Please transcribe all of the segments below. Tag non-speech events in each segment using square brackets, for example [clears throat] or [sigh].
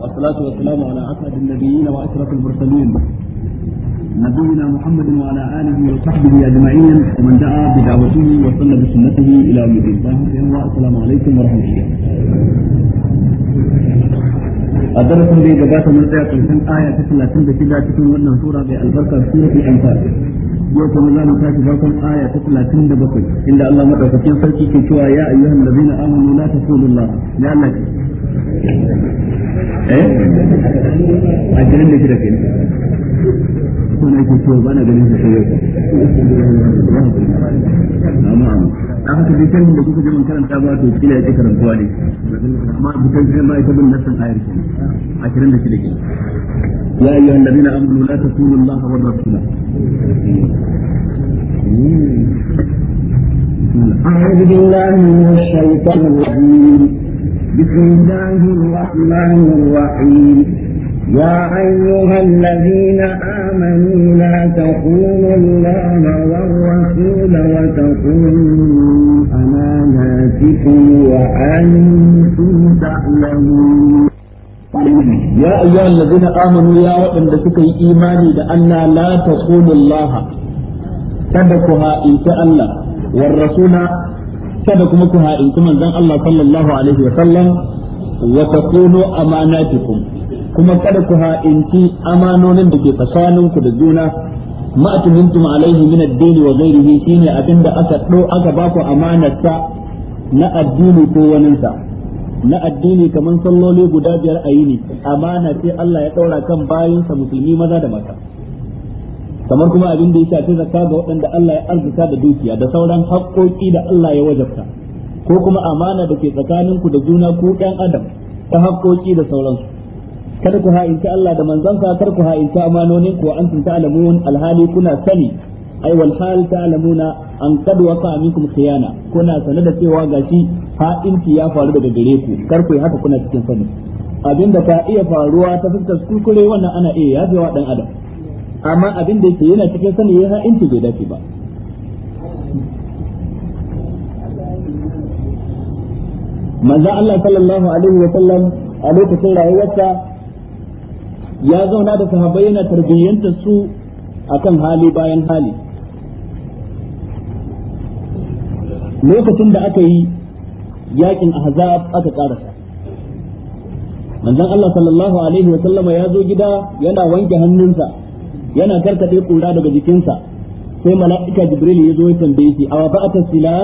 والصلاة والسلام على أسعد النبيين وأشرف المرسلين نبينا محمد وعلى آله وصحبه أجمعين ومن دعا بدعوته وصلى بسنته إلى يوم الدين السلام عليكم ورحمة الله الدرس الذي جاءت من الآية من آية تسلى سند كذا تكون وانا سورة بالبركة سورة الأنفال يوم آية الله نتاك جاءت من آية تسلى سند بكل إلا الله مرة فكين فلكي كتوى يا أيها الذين آمنوا لا تقولوا الله لأنك eh a jirin da kira ko na ganin amma a haka kan da kuka jiman karanta ba to kila yake karantuwa ne amma bukan sai ma bin ayar a da kira ya ayyuhan ladina amanu la wa hmm. أعوذ بالله من الشيطان الرجيم بسم الله الرحمن الرحيم يا أيها الذين آمنوا لا تخونوا الله والرسول وتخونوا أماناتكم وأنتم تعلمون يا أيها الذين آمنوا يا وأن سكي إيماني لأن لا تخونوا الله تدكها إن شاء الله والرسول kada kuma ku ha'inci manzon Allah sallallahu alaihi wa sallam wa takunu amanatikum kuma kada ku haɗinci amanonin da ke tsakanin ku da juna ma atuntum alaihi min ad-din wa ghairihi shine abinda aka do aka ba ku amanarsa na addini ko sa, na addini kamar salloli guda biyar a yini amana sai Allah ya daura kan bayinsa musulmi maza da mata kamar kuma abin da ya shafi zakka ga waɗanda Allah ya arzuta da dukiya da sauran haƙƙoƙi da Allah ya wajabta ko kuma amana da ke tsakanin ku da juna ku ɗan adam ta haƙƙoƙi da sauransu kada ku ha'inta Allah da manzansa kar ku ha'inta amanonin ku an tunta alamun alhali kuna sani ai wal hal ta'lamuna an qad waqa minkum khiyana kuna sanar da cewa gashi ha'inci ya faru daga gare ku kar ku haka kuna cikin sani abinda ka iya faruwa ta fuskar kurkure wannan ana iya yafewa dan adam amma abin da yake yana cikin sani ya ha'inci bai dace ba manzo Allah sallallahu alaihi wa sallam a lokacin rayuwarsa ya zauna da sahabbai yana tarbiyyanta su akan hali bayan hali lokacin da aka yi yakin ahzab aka karasa manzon Allah sallallahu alaihi wa sallama ya zo gida yana wanke hannunsa yana karkade kura daga jikinsa sai mala'ika jibril ya zo ya tambaye shi awa ba'ata silah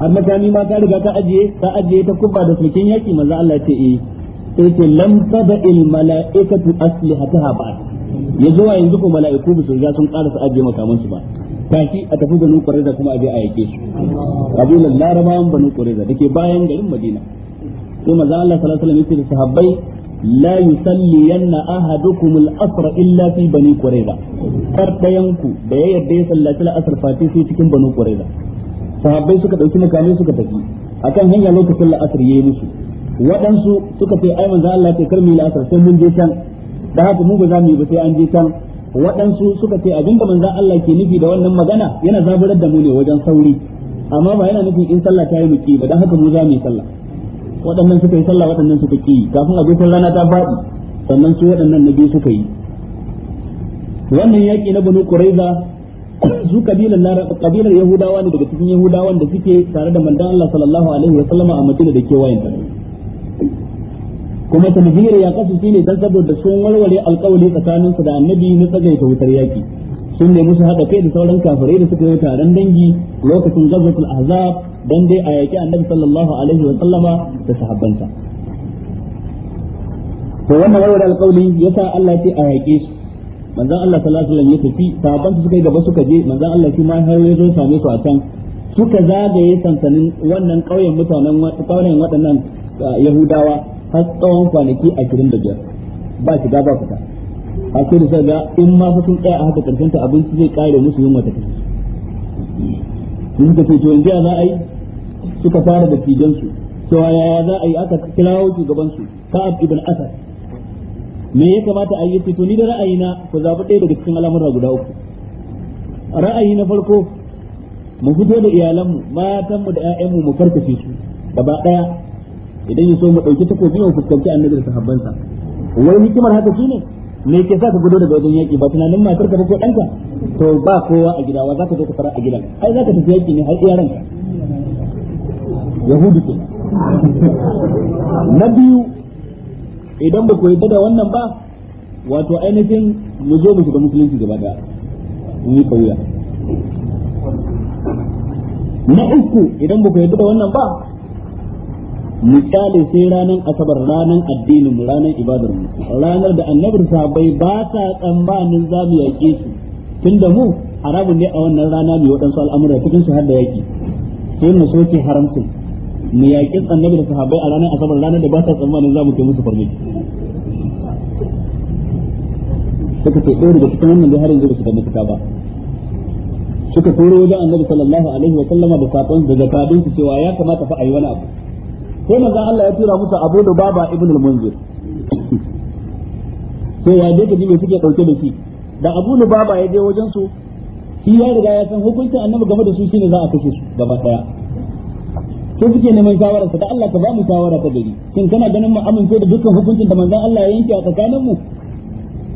har makami ma ka riga ka ajiye ka ajiye ta kubba da sukin yaki manzo Allah ce eh sai ce lam taba'il mala'ikatu aslihataha ba ya zo yanzu ko mala'iku ba su riga sun karasa ajiye makaman su ba tashi a tafi banu qurayza kuma a je a yake su kabilan larabawan banu qurayza dake bayan garin madina sai manzo Allah sallallahu alaihi wasallam ya ce sahabbai la yusalliyanna ahadukum al-asr illa fi bani qurayza kar dayanku da ya yarda ya sallaci la'asar asr fati sai cikin bani qurayza sahabbai suka ɗauki makamai suka tafi akan hanya lokacin la'asar asr yayi musu waɗansu suka ce ai manzo Allah ce kar mu yi al sai mun je can da haka mu ba za mu yi ba sai an je can waɗansu suka ce abinda manzan Allah ke nufi da wannan magana yana zaburar da mu ne wajen sauri amma ba yana nufin in sallah ta yi muki ba don haka mu za mu yi sallah waɗannan suka yi sallah waɗannan suka ki kafin a gofin rana ta faɗi sannan su waɗannan na biyu suka yi wannan yaƙi na banu quraiza [clears throat] su kabilan kabilar yahudawa ne daga cikin yahudawa da suke tare da mandan Allah sallallahu alaihi wa sallama a Madina da kewayen ta kuma tanzir ya kasu shine dan saboda sun warware alƙawari tsakanin su da annabi na tsagaita wutar yaƙi. sun nemi su haɗa kai da sauran kafirai da suka yi taron dangi lokacin gazzatul ahzab dan dai a yaki annabi sallallahu alaihi wa sallama da sahabbanta to wannan wayar alƙawli yasa Allah ya a yaƙe su manzon Allah sallallahu alaihi wasallam ya tafi sahabban su suka yi gaba suka je manzon Allah shi ma har ya zo same su a can suka zagaye sansanin wannan ƙauyen mutanen ƙauyen waɗannan uh, Yahudawa har tsawon kwanaki 25 ba shiga ba fita a ce da ga in ma fa sun tsaya a haka karshen ta abinci zai kare musu yunwa ta kashe sun ka ce yanzu za a yi suka fara da fidansu su cewa yaya za a yi aka kirawo shugaban su ka'ab ibn asad me ya kamata a yi to ni da ra'ayina ku zaɓi ɗaya daga cikin al'amura guda uku ra'ayi na farko mu fito da iyalanmu matanmu da 'ya'yanmu mu karkace su gaba ɗaya idan ya so mu ɗauki takobi mu fuskanci annabi da sahabbansa wai hikimar haka shine me ke sa ka gudu daga wajen yaki ba tunanin matar ka ko danka to ba kowa a gida wa zaka je ka fara a gidan ai zaka tafi yaki ne har iyaran ka yahudu ke na biyu idan ba ku yadda da wannan ba wato ainihin mu zo mu shiga musulunci gaba daya mu yi kauya na uku idan ba ku yadda da wannan ba misali sai ranar asabar ranar addinin mu ranar ibadar mu ranar da annabar sabai ba sa tsammanin za mu yaƙe su da mu haramun ne a wannan rana mai waɗansu al'amura cikin su har da yaƙi sai mu soke haramsu mu yaƙi annabi da sahabbai a ranar asabar ranar da ba sa tsammanin za mu kai musu farmi suka ce ɗaya daga cikin wannan harin yanzu ba su da mafita ba suka turo wajen annabi sallallahu alaihi wa sallama da saƙon da zakadun su cewa ya kamata fa a yi wani abu sai manzon Allah ya tura musu Abu Lubaba ibn al-Munzir Sai ya je ka suke dauke da shi da Abu Lubaba ya je wajen su shi ya riga ya san hukuncin annabi game da su shine za a kashe su gaba daya sai suke neman shawara da Allah ka ba mu shawara ta gari shin kana ganin mu amince da dukkan hukuncin da manzon Allah ya yanke a tsakanin mu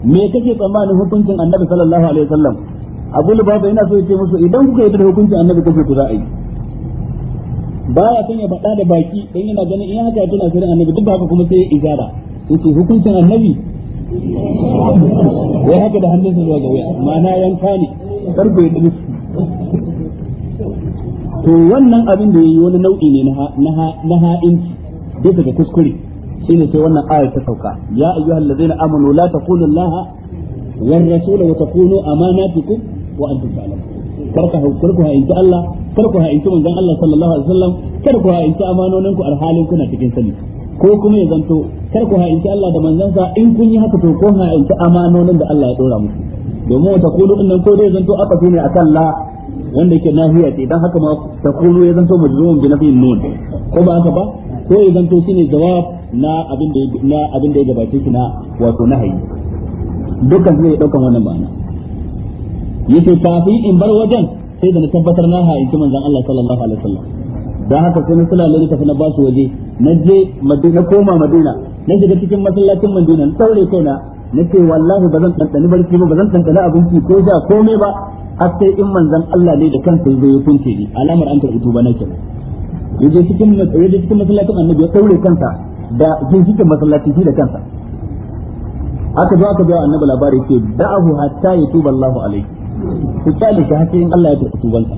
me kake tsammanin hukuncin annabi sallallahu alaihi wasallam Abu Lubaba yana so ya ce musu idan kuka yi da hukuncin annabi kace ku za a yi baya son ya faɗa da baki dan yana ganin in haka tana sirrin annabi duk haka kuma sai ya izara yace hukuncin annabi wai haka da hannunsa zuwa ga wuya ma'ana yanka ne karbe da nufi to wannan abin da yayi wani nau'i ne na ha'inci bisa ga kuskure shine sai wannan ayar ta sauka ya ayyuhal ladzina amanu la taqulu allaha war rasula wa taqulu amanatikum wa antum ta'lamun kar ku kar ku ha'inci Allah kar ku ha'inci manzon Allah sallallahu alaihi wasallam kar ku ha'inci amanonin ku alhalin kuna cikin sani ko kuma ya zanto kar ku ha'inci Allah da manzansa in kun yi haka to ko ha'inci amanonin da Allah ya dora muku domin wata kulu in nan ko dai zanto aka tune akan la wanda yake nahiya ce dan haka ma ta kulu ya zanto majzumun bi nafiyin nun ko ba haka ba ko ya zanto shine jawab na abin da na abin da ya gabace shi na wato nahayi dukkan zai daukan wannan ma'ana yace kafin in bar wajen sai da na tabbatar na hayanci manzon Allah sallallahu alaihi wasallam dan haka sai na sulale ne tafi na ba su waje na je Madina koma Madina na shiga cikin masallacin Madina na daure kaina na ce wallahi ba zan tantani barci ba ba zan tantani abinci ko da komai ba har sai in manzon Allah ne da kansa zai hukunce ni alamar an karɓi tuba na kenan yaje cikin yaje cikin masallacin annabi ya daure kansa da jinjikin masallacin shi da kansa aka zo aka biya annabi labari ce da'ahu hatta yatuba Allahu alaihi ku kyale shi hakikin Allah ya karɓi tubansa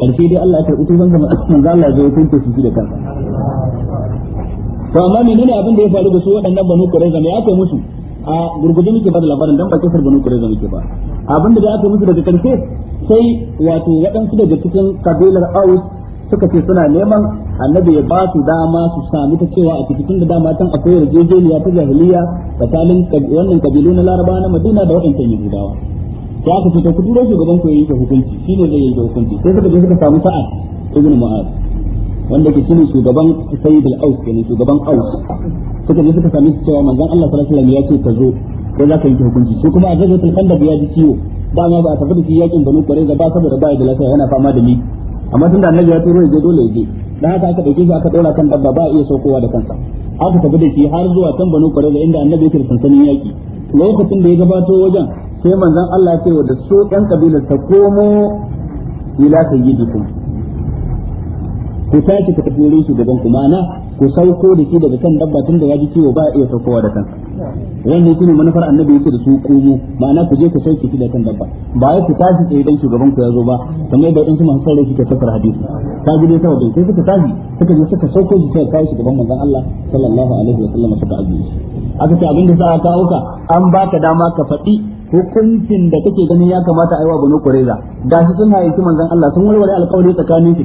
karshe dai Allah ya karɓi tubansa manzo Allah ya hukunta su da kansa to amma menene abin da ya faru da su waɗannan banu Qurayza me aka musu a gurguje muke ba da labarin dan ba kisar banu Qurayza muke ba abin da aka musu daga karshe sai wato waɗansu daga cikin kabilar Aus suka ce suna neman annabi ya ba su dama su sami ta cewa a cikin da dama tan akwai yarjejeniya ta jahiliya tsakanin wannan kabilu na Laraba na Madina da waɗancan Yahudawa ya aka fito ku turo shugaban ku yayi da hukunci shine zai yi hukunci sai suka je suka samu sa'ad ibn mu'az wanda ke ne shugaban sayyid al-aus kenan shugaban aus suka je suka sami su cewa manzon Allah sallallahu alaihi wasallam ya ce ka zo ko za ka yi hukunci shi kuma azza ta kanda ya ji ciwo ba ma ba a tafi da shi yakin banu kwarai da ba saboda ba da lafiya yana fama da ni amma tunda annabi ya turo ya je dole ya je dan haka aka dauke shi aka dora kan dabba ba iya saukowa da kansa aka tafi da shi har zuwa kan banu kwarai da inda annabi yake da sansanin yaki lokacin da ya gabato wajen sai manzon Allah ya ce wa da su ƴan kabilar ta komo ila sayyidikum ku tashi ku tafi wurin shugaban ku ma'ana ku sauko da shi daga kan dabba tun da ya ji ciwo ba iya saukowa da kansa wannan shine manufar annabi yake da su komo ma'ana ku je ku sauke shi da kan dabba ba ya ku tashi tsaye dan shugaban ku ya zo ba kamar yadda wadansu masu shi suke tafar hadisi ta ji ta wajen sai suka tashi suka je suka sauko shi sai kai shugaban manzon Allah sallallahu alaihi wa sallam suka ajiye aka ce abinda za a kawo ka an baka dama ka faɗi hukuncin da kake ganin ya kamata a yi wa banu kureza da su sun hayyaci manzon Allah sun warware alƙawari tsakanin su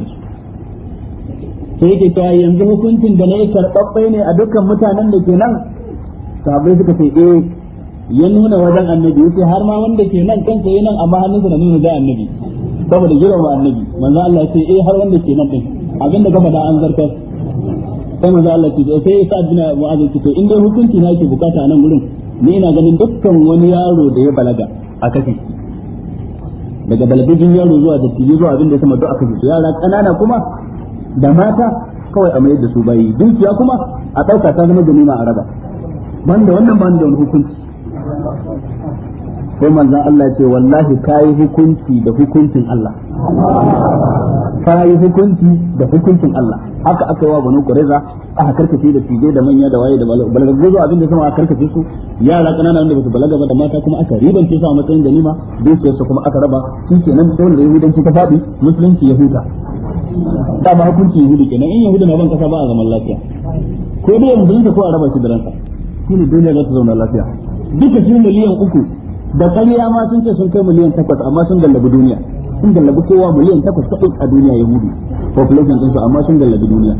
sai yake ta yanzu hukuncin da na yi karɓaɓɓe ne a dukkan mutanen da ke nan sabai suka ce eh ya nuna wajen annabi sai har ma wanda ke nan kansa yana amma hannunsa na nuna da annabi saboda wa annabi manzon Allah ya ce eh har wanda ke nan din abin da gaba da an zartar sai manzon Allah ya ce eh, sai sa'ad bin mu'adh ya ce in dai hukunci na yake bukata nan gurin ni ina ganin dukkan wani yaro da ya balaga a kashe daga balbijin yaro zuwa da tili zuwa abin da ya sama a kashe su yara kanana kuma da mata kawai a mayar da su bayi dukiya kuma a ɗauka ta zama ganima a raba banda wannan banda wani hukunci sai manzon Allah ce wallahi kai hukunci da hukuncin Allah ta yi hukunci da hukuncin Allah haka aka yi wa banu kureza aka karkace da tije da manya da waye da balaga gozo abin da sama aka karkace su yara kanana wanda basu balaga ba da mata kuma aka ribance su a matsayin ganima dukiyar su kuma aka raba kenan sai wanda yahudanci ta fadi musulunci ya huta da ba hukunci yahudi kenan in yahuda na ban kasa ba a zaman lafiya ko dai musulunta ko a raba shi da ransa ne duniya za ta zauna lafiya duka shi miliyan uku da ƙarya ma sun ce sun kai miliyan takwas amma sun gallabi duniya sun gallabi kowa miliyan takwas kaɗai a duniya ya yahudi population ɗinsu amma sun gallabi duniya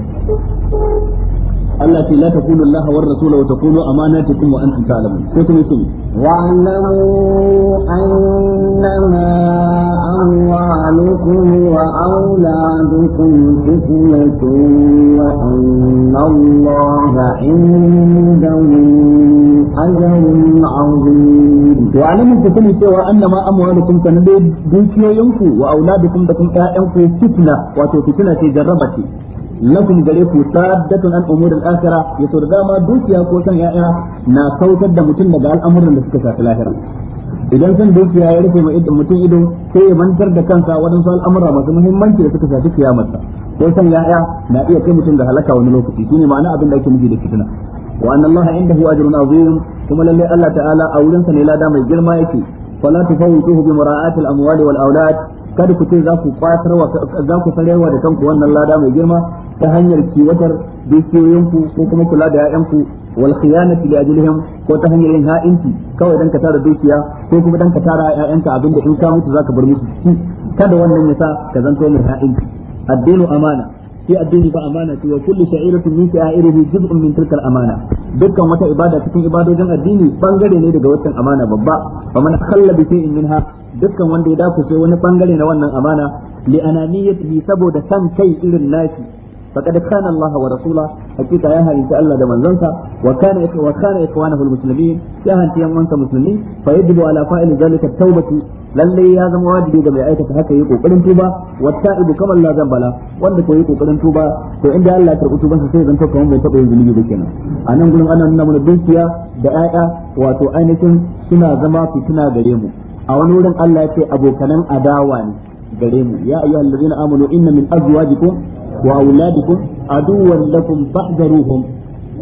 Allah ce la takunu Allah war rasul wa takunu amanatikum wa antum ta'lamun sai kuma yace wa annahu annama amwalukum wa auladukum fitnatun wa anna Allah indahu ajrun 'azim to alamin ku sani cewa annama amwalukum kan dai dukiyoyinku wa auladukum da kun ƴaƴanku fitna wato fitna ce jarraba ce lakum gare ku saddatun an umuril akhirah yato da dama dukiya ko san yaya na kautar da mutum daga al'amuran da suka shafi lahira idan san dukiya ya rufe mai mutum ido sai ya mantar da kansa waɗansu al'amura masu muhimmanci da suka shafi kiyamarsa ko san yaya na iya kai mutum da halaka wani lokaci shine ma'ana abin da ake nufi da fitina wa anna allaha indahu ajrun azim kuma lalle Allah ta'ala a wurin sa ne lada mai girma yake fala tufawwituhu bi mura'ati al-amwali wal awlad kada ku ce za ku kwatarwa za ku sarewa da kanku wannan lada mai girma ta hanyar kiwatar dukiyoyinku ko kuma kula da ƴaƴanku wal khiyanati li ko ta hanyar yin ha'inci kawai dan ka tara dukiya ko kuma dan ka tara ƴaƴanka abinda in ka mutu zaka bar musu shi kada wannan ya sa ka zanto mai ha'inci addinu amana shi addini fa amana ce wa kullu sha'iratin min sha'irihi juz'un min tilka amana dukkan wata ibada cikin ibadojin addini bangare ne daga wannan amana babba fa man khalla bi shay'in minha dukkan wanda ya dakuce wani bangare na wannan amana li ananiyatihi saboda san kai irin nashi faqad kana Allah wa rasula hakika ya harinta Allah da manzansa wa kana wa kana ikhwanahu almuslimin ya hanti yan wansa musulmi fa yajibu ala fa'il zalika tawbatu lalle ya zama wajibi ga mai aikata haka yi kokarin tuba wa ta'ibu kama la zambala wanda ko yi kokarin tuba to inda Allah ya karɓi tubansa sai zanto kamar bai taɓa yin zunubi ba kenan a nan gurin ana nuna mana dukiya da 'ya'ya wato ainihin suna zama fitina gare mu a wani wurin Allah ya ce abokanan adawa ne gare mu ya ayyuha allazina amanu inna min azwajikum wa auladukum aduwwan lakum fahdaruhum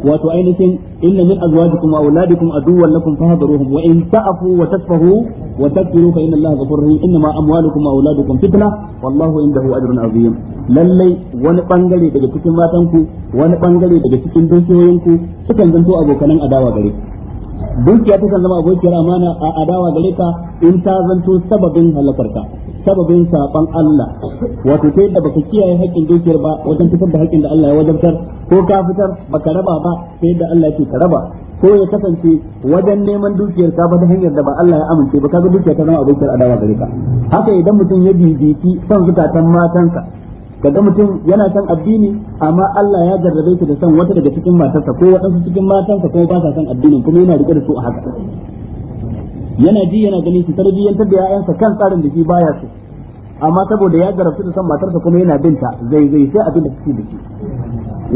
wato ainihin inna min azwajikum wa auladikum aduwwan lakum fahdaruhum wa in ta'fu wa tasfahu wa tadhkuru fa inna Allaha ghafurur rahim inna ma amwalukum wa auladukum fitna wallahu indahu ajrun azim lallai wani bangare daga cikin matanku wani bangare daga cikin dukiyoyinku sukan zanto abokanan adawa gare dukiya ta kan zama abokiyar amana a adawa gare ka in ta zanto sababin halakarka sababin saban Allah wato sai da baka kiyaye haƙƙin dukiyar ba wajen fitar da haƙƙin da Allah ya wajabtar ko ka fitar baka raba ba sai da Allah yake ka raba ko ya kasance wajen neman dukiyar ka ba ta hanyar da ba Allah ya amince ba kaga dukiyar ta zama kar adawa gare ka haka idan mutum ya san son zukatan matansa kaga mutum yana son addini amma Allah ya jarrabe shi da san wata daga cikin matarsa ko waɗansu cikin matansa kuma ba sa son addinin kuma yana rike da su a haka yana ji yana gani su tarbiyyantar da 'ya'yansa kan tsarin da shi baya so amma saboda ya zarafi da san matarsa kuma yana binta zai zai sai abin da suke da shi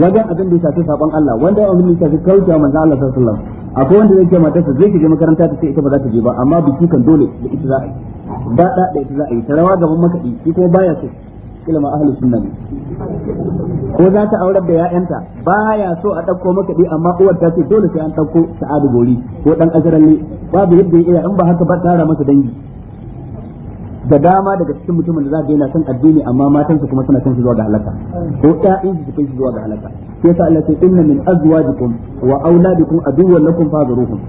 wajen abin da ya shafi sabon Allah wanda ya da shafi shafi kaucewa manzon Allah sallallahu alaihi wasallam akwai wanda zai ce matarsa zai shiga makaranta ta sai ita ba za ta je ba amma biki kan dole da ita za a yi da da ita za a yi ta rawa gaban makaɗi shi kuma baya so kila ma sunna ne ko za ta aurar da ya'yanta ya so a ɗauko makaɗi amma uwar ta ce dole sai an ɗauko sa'adu gori ko ɗan ne babu yadda ya iya in ba haka ba tara masa dangi da dama daga cikin mutumin da za ga yana son addini amma matansa kuma suna son shi zuwa ga halaka ko in su kai shi zuwa ga halaka sai ta Allah sai inna min azwajikum wa auladikum aduwwan lakum fahzuruhum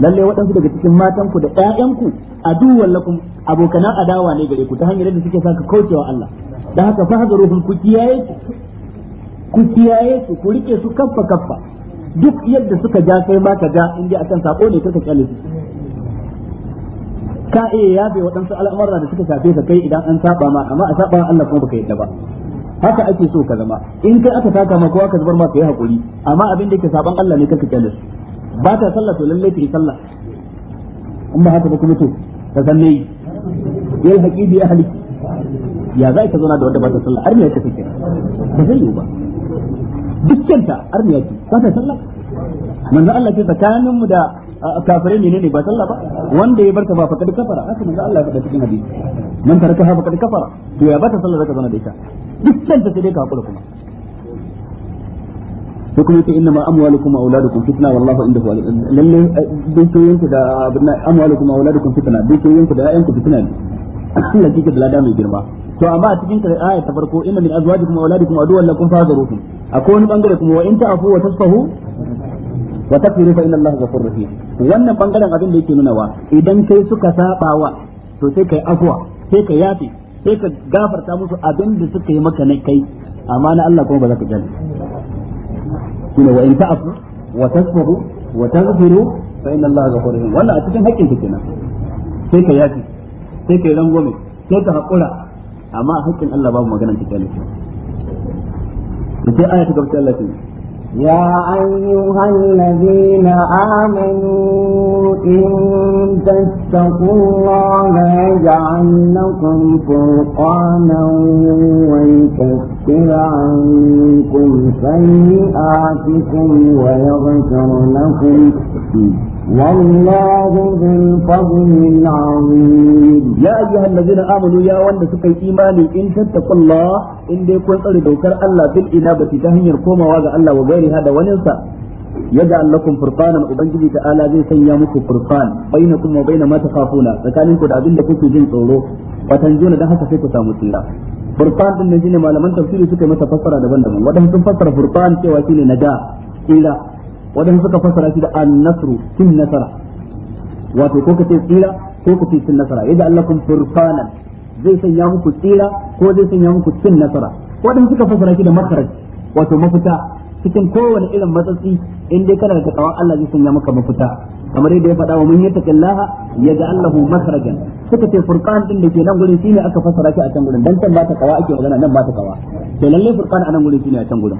lalle waɗansu daga cikin matanku da ƴaƴanku aduwwan lakum abokana adawa ne gare ku ta hanyar da suke saka kaucewa Allah dan haka fa hadaruhum ku kiyaye ku kiyaye su ku rike su kaffa kaffa duk yadda suka ja kai ma ka ga in dai akan sako ne kaka kyale su ka iya yabe waɗansu al'amura da suka shafe ka kai idan an saba ma amma a saba Allah kuma baka yadda ba haka ake so ka zama in kai aka taka kowa ka zubar ma ka yi hakuri amma abin da yake saban Allah ne kaka kyale su ba ta sallah to lallai ta yi sallah in ba haka ba kuma to ta sanne yi yal haqibi ahli ya za ka zauna da wanda ba ta sallah arniya ta take ba zai yi ba dukkan ta arniya ce ba ta sallah manzo Allah ce tsakanin mu da kafirai ne ne ba sallah ba wanda ya barka ba faqad kafara haka manzo Allah ya faɗa cikin hadisi man taraka ha faqad kafara to ya ba ta sallah zaka zauna da ita dukkan ta sai dai ka hakura kuma sai kuma yace inna ma amwalukum wa auladukum fitna wallahu indahu lalle eh, dukiyoyin ku da abinna amwalukum wa auladukum fitna dukiyoyin ku da ƴaƴan ku fitna ne Allah kike da lada mai girma to amma a cikin kare aya ta farko inna min azwajikum wa auladikum aduwwan lakum fahdaruhum akwai wani bangare kuma wa in ta'fu wa tasfahu wa takfiru fa inna Allah ghafurur rahim wannan bangaren abin da yake nuna wa idan kai suka saba to sai kai afwa sai kai yafi sai ka gafarta musu abin da suka yi maka na kai amma na Allah kuma ba za ka jani shine wa in ta'afu wa tasfahu wa taghfiru fa inna Allah ghafurur rahim wannan a cikin haƙƙin ka kenan sai ka yafi sai ka rangwame sai ka haƙura amma a haƙƙin Allah babu maganar ta kenan sai aya ta gaba Allah ta يا أيها الذين آمنوا إن تتقوا الله يجعل لكم فرقانا ويكفر عنكم سيئاتكم ويغفر لكم والله ذو الفضل العظيم ya wanda الذين امنوا imani in سكاي ايماني ان تتقوا الله ان دي كون تصري bati ta hanyar komawa ga Allah wa gairi hada waninsa yaj'al lakum furqanan ubangiji ta'ala zai sanya muku furqan bainakum wa bainama ma takhafuna tsakanin ku da abin kuke jin tsoro watan juna da haka sai ku samu tsira furqan din ne malaman tafsiri suka yi masa fassara daban-daban wadannan sun fassara furqan cewa shine naja tsira wadanda suka fassara shi da an-nasru cin nasara wato ko kace tsira ko ku fi nasara yadda Allah kun furfana zai sanya muku tsira ko zai sanya muku cin nasara wadanda suka fassara shi da makaraj wato mafita cikin kowane irin matsatsi in dai kana da takawa Allah zai sanya maka mafita kamar yadda ya faɗa wa mun yattaqillaha yaj'al lahu makhrajan suka ce furqan din da ke nan gurin shine aka fassara shi a can gurin dan can ba ta kawa ake magana nan ba ta kawa to lalle furqan a nan gurin shine a can gurin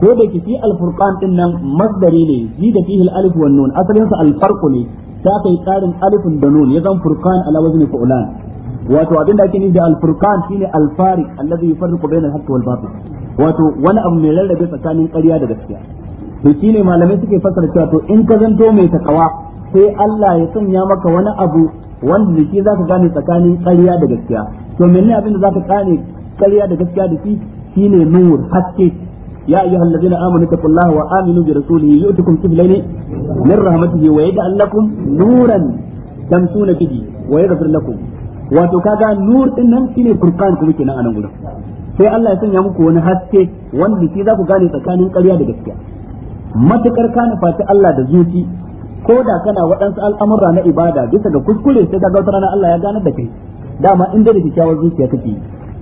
ko da ke fi alfurqan din nan masdari ne ji da fihi alif wan nun asalin sa alfarqu ne ta kai karin alifin da nun ya zan furqan ala wazni fulan wato abin da ake ni da alfurqan shine alfariq alladhi yufarriqu bayna al-haqq wal batil wato wani abu mai rarrabe tsakanin ƙarya da gaskiya to shine malamai suke fasara cewa to in ka zanto mai takawa sai Allah ya sanya maka wani abu wanda da shi zaka gane tsakanin ƙarya da gaskiya to menene abin da zaka gane ƙarya da gaskiya da shi shine nur haske يا أيها الذين آمنوا اتقوا الله وآمنوا برسوله يؤتكم كفلين من رحمته ويجعل لكم نورا تمشون به ويغفر لكم wato kaga nur din nan shine furqan kuma kenan a sai Allah ya sanya muku wani haske wanda shi za ku gane tsakanin ƙarya da gaskiya matukar ka nufaci Allah da zuci ko da kana waɗansu al'amura na ibada bisa ga kuskure sai kaga wata rana Allah ya gane da kai dama in da kyakkyawar zuciya kake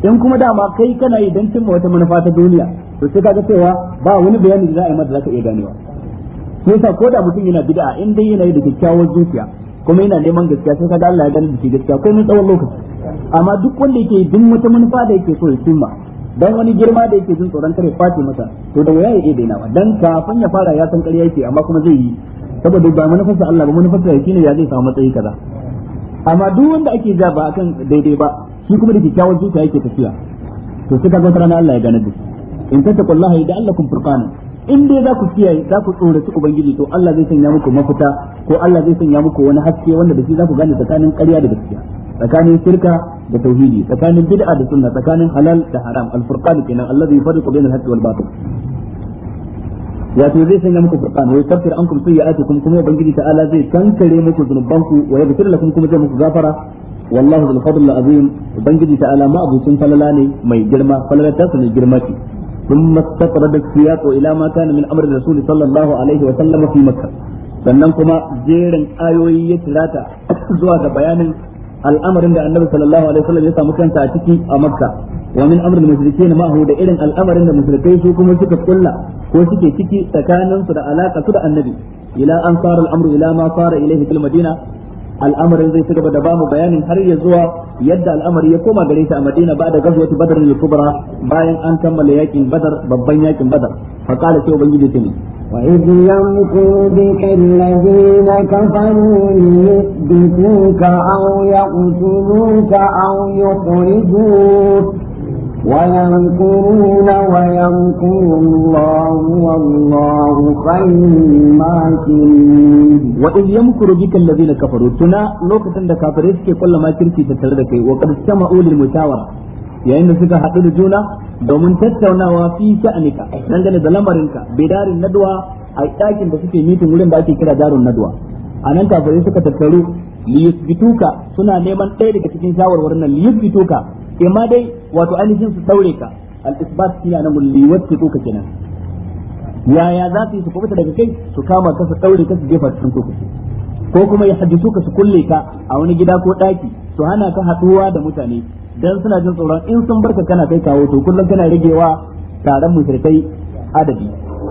in kuma dama kai kana yi don ma wata manufa ta duniya to sai ga cewa ba wani bayani da za a yi mata zaka iya ganewa shi yasa ko da mutum yana bid'a in dai yana yi da kyakkyawar zuciya kuma yana neman gaskiya sai kaga Allah ya gani da gaskiya ko mun tsawon lokaci amma duk wanda yake bin wata manufa da yake so ya cimma dan wani girma da yake jin tsoron kare Fati masa to da waya ya iya dainawa dan kafin ya fara ya san ƙarya yake amma kuma zai yi saboda ba manufarsa Allah ba manufarsa yake ne ya zai samu matsayi kaza amma duk wanda ake ja ba akan daidai ba shi kuma da kyakkyawan zuciya yake tafiya to sai kaga wata rana Allah ya gane da in tattaqullaha allah kun furqana in dai za ku kiyaye za ku tsoraci ubangiji to Allah zai sanya muku mafita ko Allah zai sanya muku wani haske wanda da shi za ku gane tsakanin ƙarya da gaskiya tsakanin shirka da tauhidi tsakanin bid'a da sunna tsakanin halal da haram al-furqan kenan allazi yufarriqu bainal haqqi wal batil wato zai sanya muku furqan wa yukaffir ankum sayyi'atikum kuma ubangiji ta'ala zai kankare muku zunubanku wa yaghfir lakum kuma zai muku gafara wallahu bil fadl azim ubangiji ta ala ma abucin falala ne mai girma falala ta ne girma ce ثم استطرد السياق الى ما كان من امر الرسول صلى الله عليه وسلم في مكه sannan kuma jerin ayoyi ya tirata [coughs] zuwa ga bayanin al'amarin da annabi sallallahu alaihi wasallam ya samu kanta a ciki a makka wa min amrul mushrikin ma'ahu da irin al'amarin da mushrikai su kuma suka kulla ko suke ciki tsakanin su da alaka su da annabi ila an fara al'amru ila ma fara ilayhi fil madina al'amarin zai ci gaba da bamu bayanin har ya zuwa yadda al'amari ya koma gare ta a Madina ba da gazwatu Badr ne kubra bayan an kammala yakin Badar babban yakin Badar fa kala sai ubangiji ta ne wa idh yamkuru bika alladhina kafaru liyudhikuka aw yaqtuluka aw yukhrijuka ويمكرون ويمكر الله والله خير الماكرين وإذ يمكر بك الذين كفروا تنا لوكة كافرين كي كل ما كنتي تتردك وقد استمعوا للمشاورة yayin da suka haɗu da juna domin tattaunawa fi sha'anika dangane da lamarin lamarinka bidarin nadwa a ɗakin da suke mitin wurin da ake kira darun nadwa a nan kafirai suka tattaru liyusbituka suna neman ɗaya daga cikin shawarwar nan liyusbituka imma dai wato ainihin su saure ka al-isbat shi ne nan liwatti ko ka kenan yaya za su yi su kubuta daga kai su kama ka su daure ka su jefa cikin koko ko kuma ya hadisu ka su kulle ka a wani gida ko daki su hana ka haduwa da mutane dan suna jin tsoron in sun barka kana kai kawo to kullum kana rigewa taron mushrikai adadi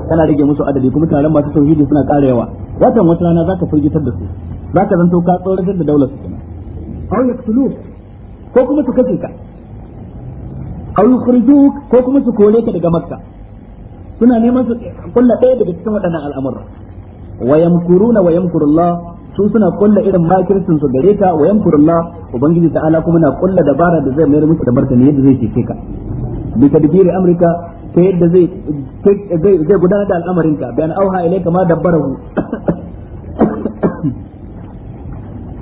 kana rage musu adadi kuma taron masu tauhidi suna ƙara yawa watan wata rana zaka firgitar da su zaka zanto ka tsoratar da daular su kenan aw yaktulu ko kuma su kace ka aw yukhrijuk ko kuma su kore ka daga makka suna neman su kulla ɗaya daga cikin waɗannan al'amura wa yamkuruna wa yamkurullah su suna kulla irin makircin su gare ka wa yamkurullah ubangiji ta'ala kuma na kulla dabara da zai mayar musu da martani yadda zai cece ka bi tadbiri amrika ta yadda zai zai gudanar da al'amarinka bayan auha ilayka ma dabbarahu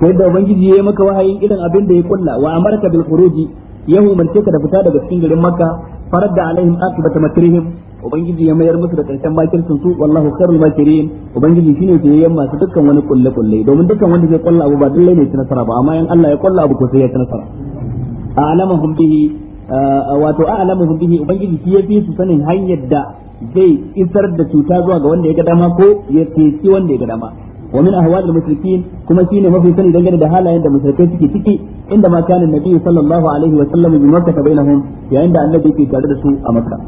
ta yadda ubangiji ya yi maka wahayin irin abin da ya kulla wa amarka bil khuruji ya ce ka da fita daga cikin garin makka farar da alaihim akibata makrihim ubangiji ya mayar musu da karshen sun su wallahu khairul makirin ubangiji shine tsayayyen masu dukkan wani kulle kulle domin dukkan wanda zai kulla abu ba dole ne ya nasara ba amma in Allah ya kulla abu ko sai ya nasara a'lamuhum bihi eh, wato a'lamahum bihi ubangiji shi ya fi su sanin hanyar da zai isar da cuta zuwa ga wanda ya ga dama ko ya ceci wanda ya ga dama wa min da mushrikin kuma ne mafi sani dangane da halayen da mushrikai suke ciki inda ma kana nabi sallallahu alaihi wa sallam bi makka bainahum yayin da annabi ke tare da su a makka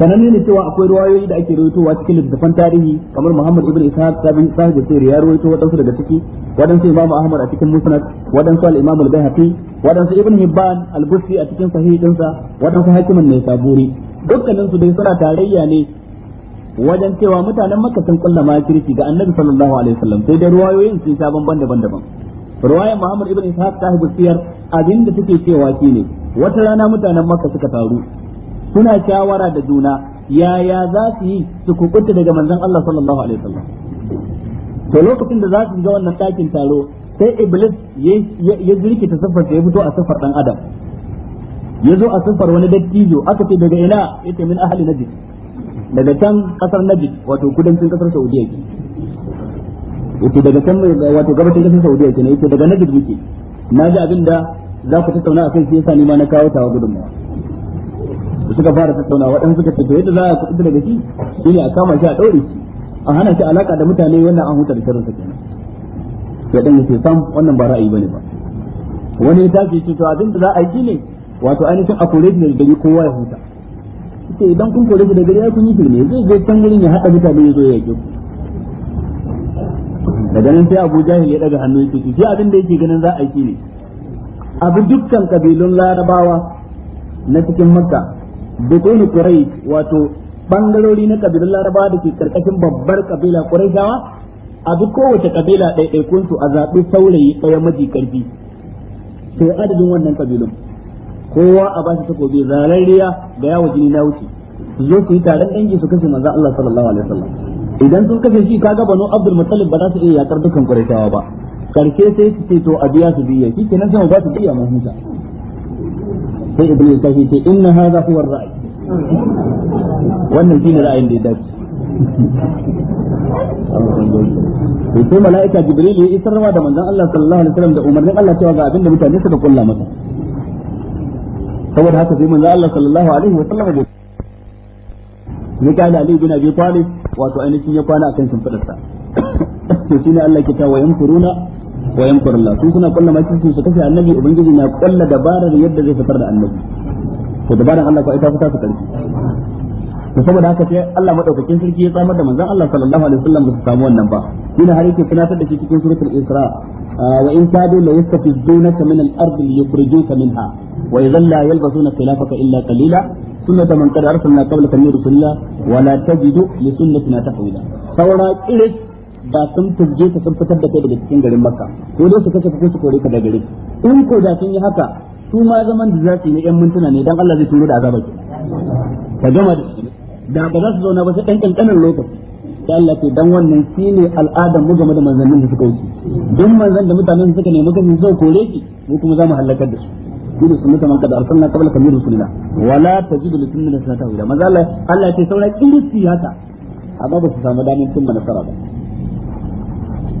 sananne ne cewa akwai ruwayoyi da ake rawaitowa cikin littattafan tarihi kamar Muhammad ibn Ishaq sabin sahibi sirri ya rawaito wadansu daga ciki wadansu Imam Ahmad a cikin Musnad wadansu al-Imam al-Baihaqi wadansu Ibn Hibban al-Busti a cikin sahihinsa wadansu Hakim an Buri. dukkanin su dai suna tarayya ne wajen cewa mutanen makka sun kulla makirci ga annabi sallallahu alaihi wasallam sai dai ruwayoyin sun sha bamban daban-daban ruwayar muhammad ibn ishaq sahibu siyar abinda take cewa shine wata rana mutanen makka suka taru suna shawara da juna yaya za su yi su kukunta daga manzon Allah sallallahu alaihi wasallam to lokacin da za su ga wannan ɗakin taro sai iblis ya jirkita siffarsa ya fito a siffar dan adam ya zo a siffar wani dattijo aka ce daga ina yake min ahli najd daga can kasar Najd wato kudancin kasar Saudiya ke wato daga can wato gabashin kasar Saudiya ke ne daga Najd muke na ji abin da za ku tattauna akan shi yasa nima ma na kawo tawa gudunmawa suka fara tattauna waɗansu suka ce yadda za a kuɗi daga shi ne a kama shi a ɗaure shi a hana shi alaƙa da mutane wannan an huta da sharrinsa kenan ya ɗan yake sam wannan ba ra'ayi bane ba wani ya tafi ce to abin da za a yi ne wato ainihin a kore shi da gari kowa ya huta ce idan kun kore shi da gari ya kun yi firme zai je can wurin ya haɗa mutane ya zo ya yake daga nan sai Abu Jahil ya daga hannu yake shi abin da yake ganin za a yi ne abu dukkan kabilun Larabawa na cikin Makka bukun kurai wato bangarori na kabilun Larabawa da ke karkashin babbar kabila a abu kowace kabila ɗaiɗaikun su a zaɓi saurayi ɗaya maji karfi sai adadin wannan kabilun kowa a bashi takobi zalariya ga yawo jini na wuce su zo su yi taron dangi su kashe manzo Allah sallallahu alaihi wasallam idan sun kashe shi kaga banu Abdul Muttalib ba za su iya yakar dukan Qurayshawa ba karshe sai su ce to a biya su biya kenan sai mu ba su biya mu huta sai iblis ta ce inna hadha huwa ar-ra'i wannan shine ra'ayin da ya dace to sai mala'ika jibril ya isarwa da manzon Allah sallallahu alaihi wasallam da umarnin Allah cewa ga abin da mutane suka kulla masa saboda haka sai manzo Allah sallallahu alaihi wa sallam bai ya kana Ali bin Abi Talib wato ainihin ya kwana akan shimfidar sa [coughs] to shine Allah ke ta wayan kuruna wayan kurla su suna kulla makisu su kashe annabi ubangiji na kulla dabarar yadda zai fitar da annabi to dabarar Allah ko ita fita su karfi to saboda haka sai Allah madaukakin sarki ya samar da manzon Allah sallallahu alaihi wasallam da su samu wannan ba shine har yake tunatar da shi cikin suratul Isra wa in kadu la yastafizunaka min al-ardi liyukhrijuka minha وإذا لا يلبسون خلافك إلا قليلا سنة من قد أرسلنا قبلك من رسلنا ولا تجد لسنتنا تحويلا فورا إلس ba sun turje ta sun fitar da kai daga cikin garin Makka ko dai su kace ko su kore ka daga gari in ko da sun yi haka su ma zaman da za su yi yan mintuna ne dan Allah zai turo da azaba ki ka gama da da ba za su zauna ba sai dan kankanin lokaci da Allah ke dan wannan shine al'adar mu game da manzannin da suka wuce duk manzan da mutanen suka nemi ganin zo kore ki mu kuma za mu halakar da su shine sunnata man na arsalna qabla kamir rusulina wala tajidu li sunnatina sunnata wala maza Allah Allah ce saura kirsi haka amma ba su samu damar cimma nasara ba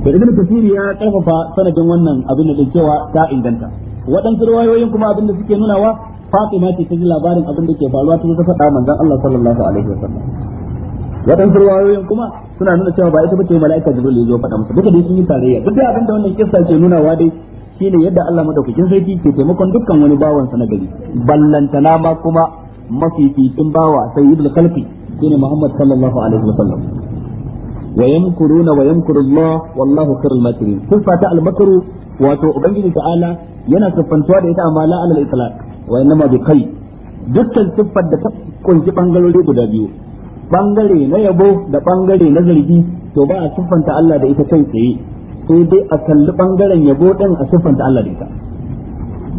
to ibn kasir ya karfafa sanadin wannan abin da cewa ta inganta waɗansu ruwayoyin kuma abin da suke nunawa Fatima ce ta ji labarin abin da ke faruwa ta ta faɗa manzon Allah sallallahu alaihi wasallam waɗansu ruwayoyin kuma suna nuna cewa ba ita bace mala'ika Jibril ya zo faɗa musu duka dai sun yi tarayya duk abin da wannan kissa ke nunawa dai shine yadda Allah madaukakin sarki ke taimakon dukkan wani bawan sa nagari ballantana ma kuma mafificin bawa sai ibnu kalfi shine Muhammad sallallahu alaihi wasallam wa yamkuruna wa yamkuru Allah wallahu khairul makirin sifata al makru wato ubangiji ta'ala yana siffantuwa da ita amma la alal itlaq wa innama bi kai dukkan siffar da ta kunshi bangalore guda biyu bangare na yabo da bangare na zargi to ba a siffanta Allah da ita kai tsaye sai dai a kalli bangaren yabo din a siffanta Allah da ita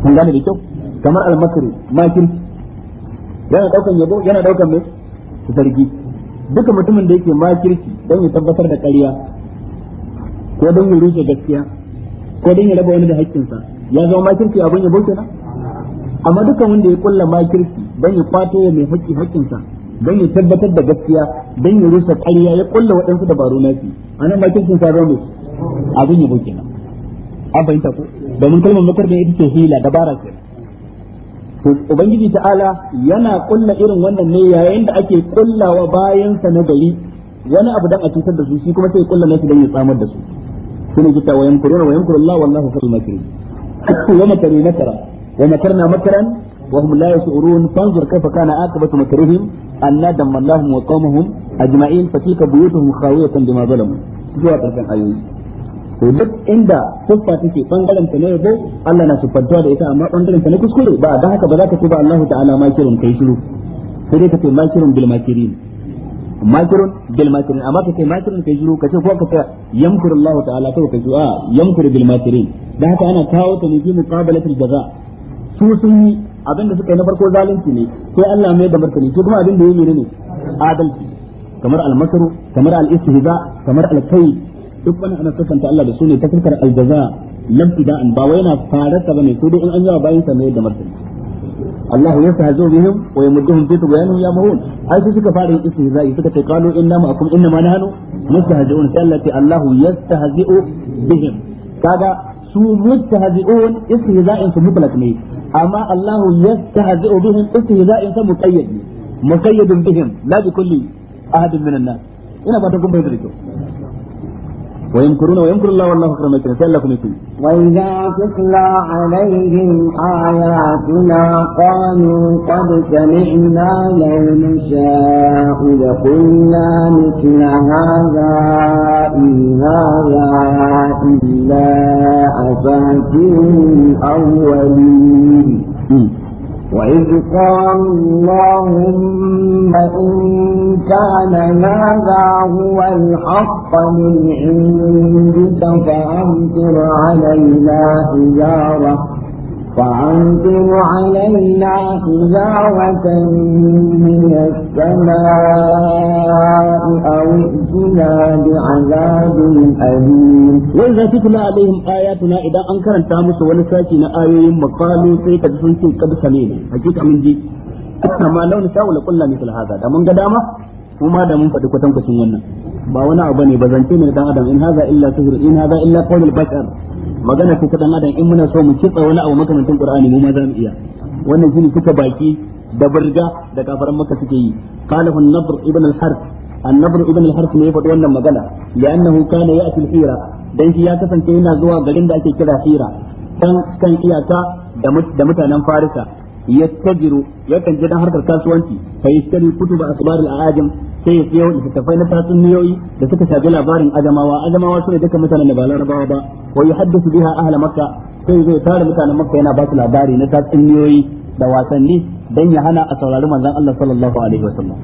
kun gane da kyau kamar almakru makir yana daukan yabo yana daukan me zargi duka mutumin da yake makirki don ya tabbatar da ƙarya ko don ya rushe gaskiya ko don ya raba wani da haƙƙinsa ya zama makirki abin yabo kenan amma duka wanda ya kulla makirki don ya kwato ya mai haƙƙi haƙƙinsa don ya tabbatar da gaskiya don ya rusa ƙarya ya kulla waɗansu dabaru na shi anan makirkin sa zama abin yabo kenan an fahimta ko domin kalmar makar ne ita ce hila dabara ce to ubangiji ta'ala yana kulla irin wannan ne yayin da ake kullawa bayansa na gari wani abu dan a cutar da su shi kuma sai kulla shi dan ya tsamar da su shine kita wa yamkuruna wa wa makaru nakara wa makarna makaran wa hum la yashurun fanzur kayfa kana aqibatu makrihim anna wa qawmahum ajma'in fatika buyutuhum khawiyatan bima zalamu zuwa karkan ayoyi to duk inda kuffa take bangaren ta ne yabo Allah na siffantuwa da ita amma bangaren ta ne kuskure ba da haka ba za ka ce ba Allah ta'ala makirun kai shiru sai dai ka ce makirun bil makirin makirun bil makirin amma ka ce makirun kai shiru ka ce ko ka ce yamkuru Allah ta'ala to ka ce a ah, yamkuru bil makirin dan haka ana kawo ta ne bi muqabalatul jaza su sun yi abinda suka yi na farko zalunci ne sai Allah mai da martani to kuma abinda da yi ne adalci kamar al masru kamar al-istihza kamar al-kayd duk wani ana sukanta Allah da su ne ta fuskar aljaza labtida'an ba wai yana ta bane ko dai in an yawa bayin sa ne da martani Allah ya sa sahazo bihim wa yamudduhum fi tughyanihim ya mahun ai su suka fara yin istihza'i suka ce qalu inna ma'akum inna ma nahnu mustahzi'un sai Allah ce Allah yastahzi'u bihim kaga su mustahzi'un istihza'in su mutlaq ne amma Allah ya yastahzi'u bihim istihza'in sa muqayyad ne muqayyadun bihim la bi kulli ahadin min an-nas ina fatan kun bayyana da kyau ويمكرون ويمكر الله والله خير الماكرين سأل لكم يسوي وإذا تتلى عليهم آياتنا قالوا قد سمعنا لو نشاء لقلنا مثل هذا إن هذا إلا أساطير الأولين وإذ قال اللهم إن كان هذا هو الحق من عندك فأمطر علينا حجارة فأنزل علينا حجارة من السماء أو ائتنا بعذاب أليم وإذا تتلى عليهم آياتنا إذا أنكر التامس ونساكنا آيوين وقالوا سيكا بسنسين قد سمينا حقيقة من جي ما لو نساو لقلنا مثل هذا دا من قدامة وما دا من فدكوتنكو سنونا ba wani abu ne ba zance ne dan adam in haza illa sihir in haza illa qawlul bashar magana ce ta dan in muna so mu kitsa wani abu makamantin qur'ani mu ma za mu iya wannan shine suka baki da birga da kafaran maka suke yi qala hun ibn al an annabr ibn al-harth ne ya faɗi wannan magana li'annahu kana ya'ti al-hira dan shi ya kasance yana zuwa garin da ake kira hira dan kan iyaka da mutanen farisa yattajiru yakan je dan harkar kasuwanci fa yashtari kutuba asbar al-ajam sai ya sayo littattafai na tatsuniyoyi da suka shafi labarin ajamawa ajamawa sune duka mutanen da ba larabawa ba wa yuhaddathu biha ahla makka sai zai tara mutanen makka yana ba su labari na tatsuniyoyi da wasanni dan ya hana a saurari manzon Allah sallallahu alaihi wasallam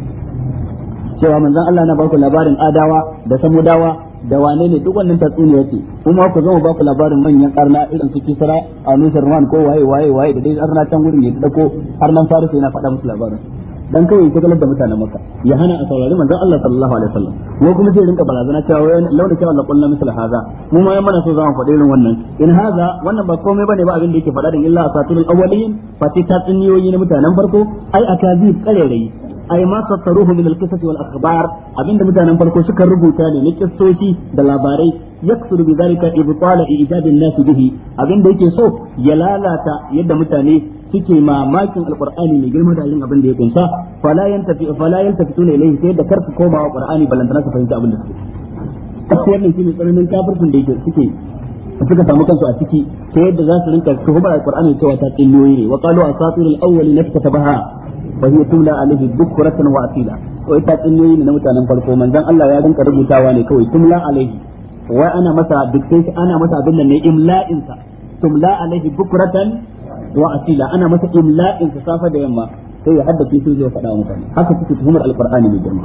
cewa manzon Allah na ba ku labarin adawa da samudawa da wane ne duk wannan tatsuniya ce kuma ku zama ba ku labarin manyan karna irin su kisra a nusar ko waye waye waye da dai arna can gurin ya dako har nan sai yana faɗa musu labarin dan kawai ta galar da mutanen maka ya hana a saurari manzon Allah sallallahu alaihi wasallam ko kuma sai rinka barazana cewa wai launa kira la kullu misal haza mu ma yan so zamu faɗi irin wannan in haza wannan ba komai bane ba abin da yake faɗa din illa asatirul awwalin fa sai tatsuniyoyi na mutanen farko ai akazib karerai ay ma sattaruhu min al-qisas wal akhbar abinda mutanen farko suka rubuta ne na kissoshi da labarai yaksuru bi zalika ibtala ijab an-nas bihi abinda yake so ya lalata yadda mutane suke mamakin alqur'ani mai girma da abin da ya kunsa fala yantafi fala yantafituna ilayhi sai da karku komawa qur'ani balantana su fahimta abin da suke wannan shine tsananin kafircin da yake suke suka samu kansu a ciki ta yadda za su rinka tuhumar alqur'ani cewa ta tsilliyoyi ne wa qalu asatirul awwali naftatabaha wa hiya tumla alaihi bukratan wa asila wai ta tsinyoyi ne na mutanen farko manzon Allah ya rinka rubutawa ne kawai tumla alaihi wai ana masa duk sai ana masa abin nan ne imla'in sa tumla alaihi bukratan wa asila ana masa imla'in sa da yamma sai ya haddace su zai faɗa mutane haka suke tuhumar alqur'ani mai girma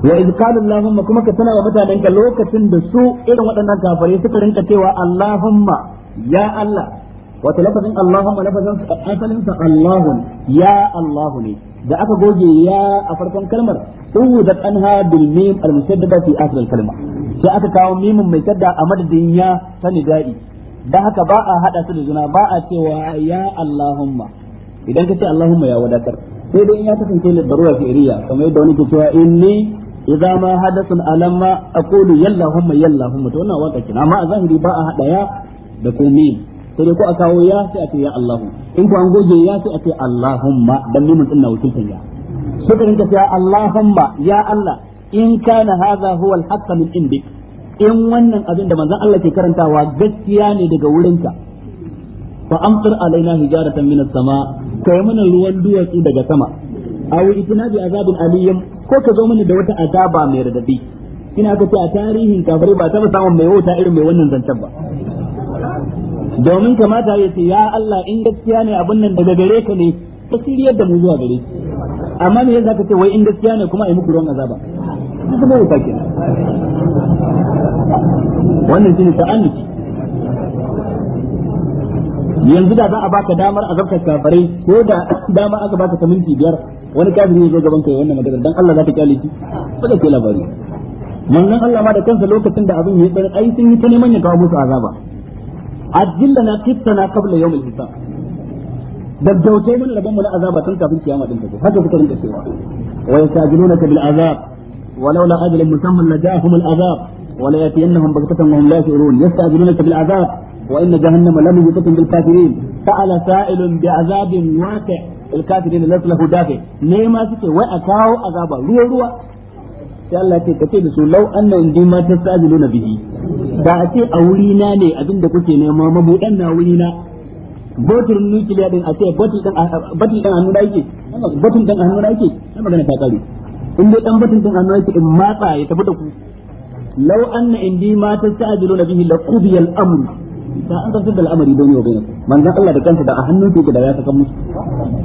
wa iz qala kuma ka tana wa mutanen ka lokacin da su irin waɗannan kafare suka rinka cewa allahumma ya allah wato lafazin Allahumma lafazin asalin sa Allahun ya Allahu ne da aka goge ya a farkon kalmar uwudat anha bil mim al musaddada fi akhir al kalma sai aka kawo mimin mai shadda a madadin ya ta nidai da haka ba a hada su da juna ba a cewa ya Allahumma idan ka ce Allahumma ya wadatar sai dai in ya kasance da fi iriya kamar yadda wani ke cewa inni idza ma hadathun alamma aqulu yallahumma yallahumma to wannan waka kina amma a zahiri ba a hada ya da ko mim sai dai ko a kawo ya sai a ce ya Allahu in ko an goge ya sai a ce Allahumma dan mimin din na wakiltan ya suka rinka cewa Allahumma ya Allah in kana hadha huwa al-haqq min indik in wannan abin da manzon Allah ke karantawa gaskiya ne daga wurinka fa amtir alaina hijaratan min as-sama kai mana ruwan duwatsu daga sama aw itina azabin aliyyin ko ka zo mana da wata azaba mai radadi ina ka ce a tarihin kafirai ba ta samun mai wauta irin mai wannan zancen ba domin kamata ya ce ya Allah in gaskiya ne abin nan daga gare ka ne ka siriyar da mu zuwa gare ki amma me yasa ka ce wai in gaskiya ne kuma yi muku ruwan azaba kuma ya kake wannan shine ta'annuki yanzu da za a baka damar azabtar kafirai ko da dama aka baka ta minti biyar wani kafiri zai gaban kai wannan magana dan Allah za ta kyale ki ba da ke labari manzon Allah ma da kansa lokacin da abin ya tsare ai sun yi ta neman ya kawo musu azaba ajil lana qittana qabla yawm al-hisab daddautai mana rabon mu na azaba tun kafin kiyama din take haka suka rinka cewa wa yastajilunaka bil azab ولولا أجل مسمى لجاءهم العذاب ولا يأتينهم بغتة وهم لا يشعرون يستعجلونك بالعذاب وإن جهنم لمحيطة بالكافرين سأل سائل بعذاب واقع الكافرين ليس له دافع ne ma suke wai a kawo azaba ruwa ruwa sai Allah ce kace da su law anna indi ma bihi da a ce a wuri na ne abinda kuke nema mabudan na wuri na botul nukiliya din a ce botul botul da yake botul da yake sai magana ta kare in dai dan botul yake in matsa ya tafi da ku law anna indi ma bihi la qudiya al-amr da an da al'amari manzon Allah da kansa da a hannun ke da ya saka musu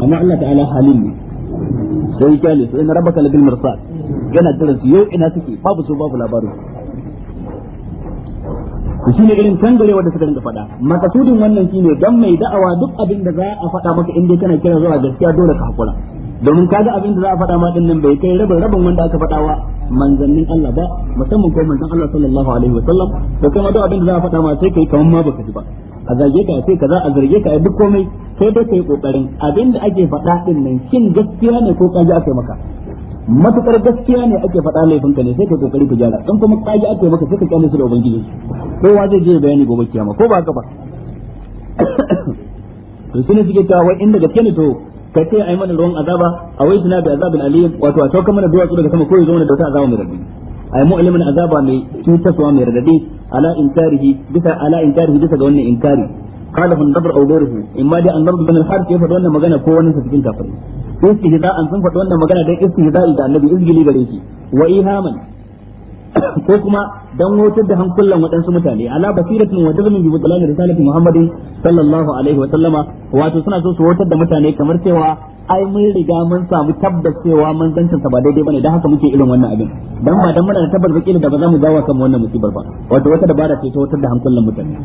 amma Allah ta'ala halin ne sai kyale sai na rabaka labil mursal yana jiran su yau ina suke babu su babu labarin ku shine irin tangare wanda suka rinka faɗa makasudin wannan shine dan mai da'awa duk abin da za a faɗa maka in dai kana kira zuwa gaskiya dole ka hakura domin kaga abin da za a faɗa ma din nan bai kai rabin rabin wanda aka faɗa wa manzannin Allah ba musamman ko manzon Allah sallallahu alaihi wasallam to kuma duk abin da za a faɗa ma sai kai kaman ma baka ji ba a zage ka sai kaza a zarge ka duk komai sai dai kai kokarin abin da ake faɗa din nan kin gaskiya ne ko kaji aka maka matukar gaskiya ne ake faɗa laifin ka ne sai ka kokari ka gyara dan kuma kaji ake maka sai ka kyale su da ubangiji kowa zai je bayani gobe kiyama ko ba haka ba [coughs] to sune suke cewa wai inda gaske ne to ka ce ai mana ruwan azaba a wai suna da azabin aliyu wato a sauka mana duwatsu daga sama ko yanzu wani mana da wata azaba mai rabi ai mu'limin azaba mai cutaswa mai radadi ala inkarihi bisa ala inkarihi bisa ga wannan inkari qala hun dabr aw ghayruhu imma da an dabar bin al-harith ya wannan magana ko wannan sa cikin kafirai an sun faɗi wannan magana dan istihza da annabi izgili gare shi wa ihaman ko kuma dan wutar da hankulan waɗansu mutane ala basiratin wa dalilin bi butlan risalati muhammadin sallallahu alaihi wa sallama wato suna so su wutar da mutane kamar cewa ai mun riga mun samu tabbas cewa mun manzancin sa ba daidai bane dan haka muke irin wannan abin dan ba dan muna da tabbas ba da ba za mu dawo kan wannan musibar ba wato wata dabara ce ta wutar da hankulan mutane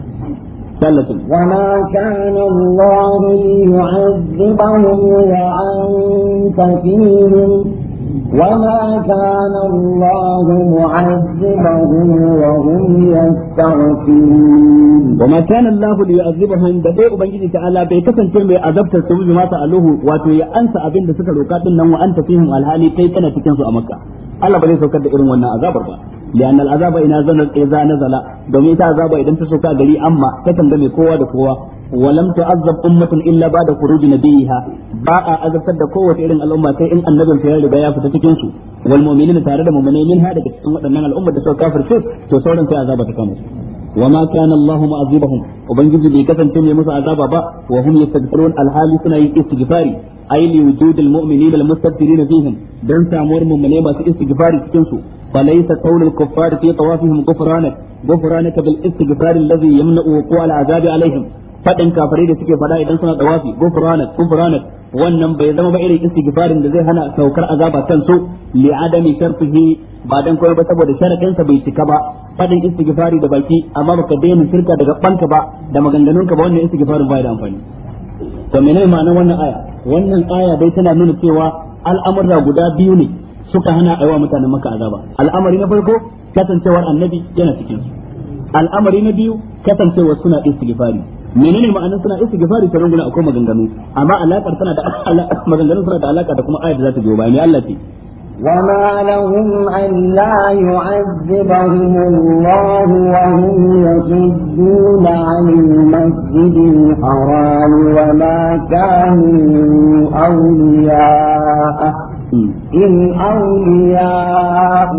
وما كان الله ليعذبهم وأنت فيهم وما كان الله معذبهم وهم يستغفرون وما كان الله ليعذبهم da dai ubangiji ta'ala bai kasance mai azabtar su bima aluhu wato ya ansa abin da suka roka din nan wa anta fihim alhali kai kana cikin su a makka Allah ba zai saukar da irin wannan azabar ba لأن العذاب إذا نزل إذا نزل دومي عذاب إذا تسوكا غري أما تكن دمي كوا دكوا ولم تعذب أمة إلا بعد خروج نبيها باء عذاب تد كوا إلين الأمة كي إن النبي في هذا بيا فتتكنسو والمؤمنين تارد مؤمنين من هذا كتسمى أن الأمة تسوكا فرسوك تسوكا في عذاب تكامل وما كان الله معذبهم وبنجد لي كثن تم يمس عذابا با وهم يستغفرون الحال سنة استغفاري أي لوجود المؤمنين المستغفرين فيهم دون سامور مؤمنين بس استغفاري تكنسو فليس قول الكفار في طوافهم غفرانك غفرانك بالاستغفار الذي يمنع وقوع العذاب عليهم فدن كافرين da suke fada idan suna tawafi gufranak gufranak wannan bai zama ba irin istighfarin da zai hana saukar azaba kan su li adami shartihi ba dan koyar ba saboda sharadin sa bai cika ba fadin istighfari da baki amma baka daina shirka daga banka ba da maganganunka ba wannan istighfarin ba da amfani to menene ma'anar wannan aya wannan aya dai tana nuna cewa al'amurra guda biyu ne suka hana aiwa mutanen maka azaba al'amari na farko kasancewar annabi yana cikin su al'amari na biyu kasancewar suna istighfari menene ma'anar suna istighfari ta runguna akwai maganganu amma alaƙar tana da maganganun suna da alaƙa da kuma aya da za ta biyo bayan Allah ce وما لهم ألا يعذبهم الله وهم يصدون عن المسجد الحرام وما كانوا أولياءه إن أولياءه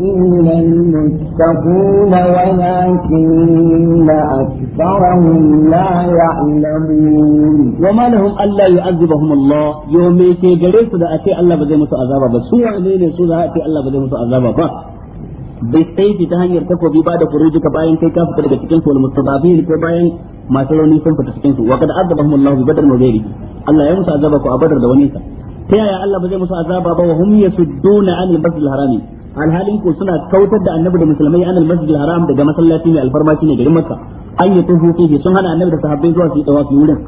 إلا المتقون ولكن أكثر فهم لا يعلمون وما لهم الا يعذبهم الله يوم يتجريس اذا اتي الله بدي a عذابا بس هو عزيني سوزا اتي الله بدي متو عذابا بس bai sai ki ta hanyar ta kobi ba da kuruji ka bayan kai ka daga cikin su wani mustababin ko bayan masu sun fita cikin su wa kada azaba mun lahu badar mu zairi Allah ya musu azaba ku a badar da wani ta yaya Allah ba zai musu azaba ba wa hum yasudduna anil basil harami alhalin ko suna kautar da annabi da musulmai anil masjidil haram daga masallaci ne alfarma ne garin makka an yi tuhu fihi sun hana annabi da sahabbai zuwa su yi tawafi wurin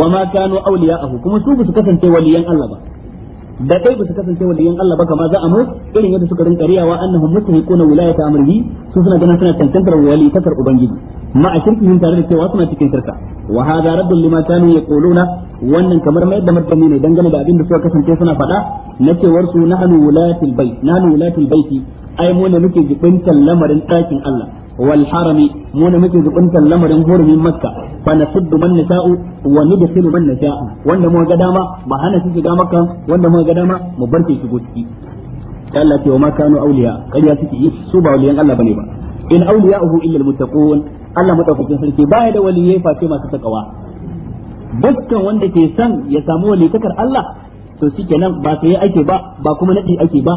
wa ma kanu awliya'ahu kuma su su kasance waliyan Allah ba da kai su kasance waliyan Allah ba kama za a mu irin yadda suka rinka riyawa annahum mustahiquna wilayata amrihi su suna ganin suna tantantar wali takar ubangiji ma'a a shirkihim tare da cewa suna cikin shirka wa hadha raddun lima kanu wannan kamar mai da martani ne dangane da abin da suka kasance suna faɗa na cewar su nahnu wulatul bait Allah wal harami mu ne muke jibintan lamarin hurumin makka fa nasuddu man nasha'u wa nudkhilu man nasha'u wanda su ba waliyan Allah in Allah madaukakin sarki baya da waliyai face masu takawa dukkan wanda ke son ya samu walitakar Allah to shikenan ba sai ake ba ba kuma nadi ake ba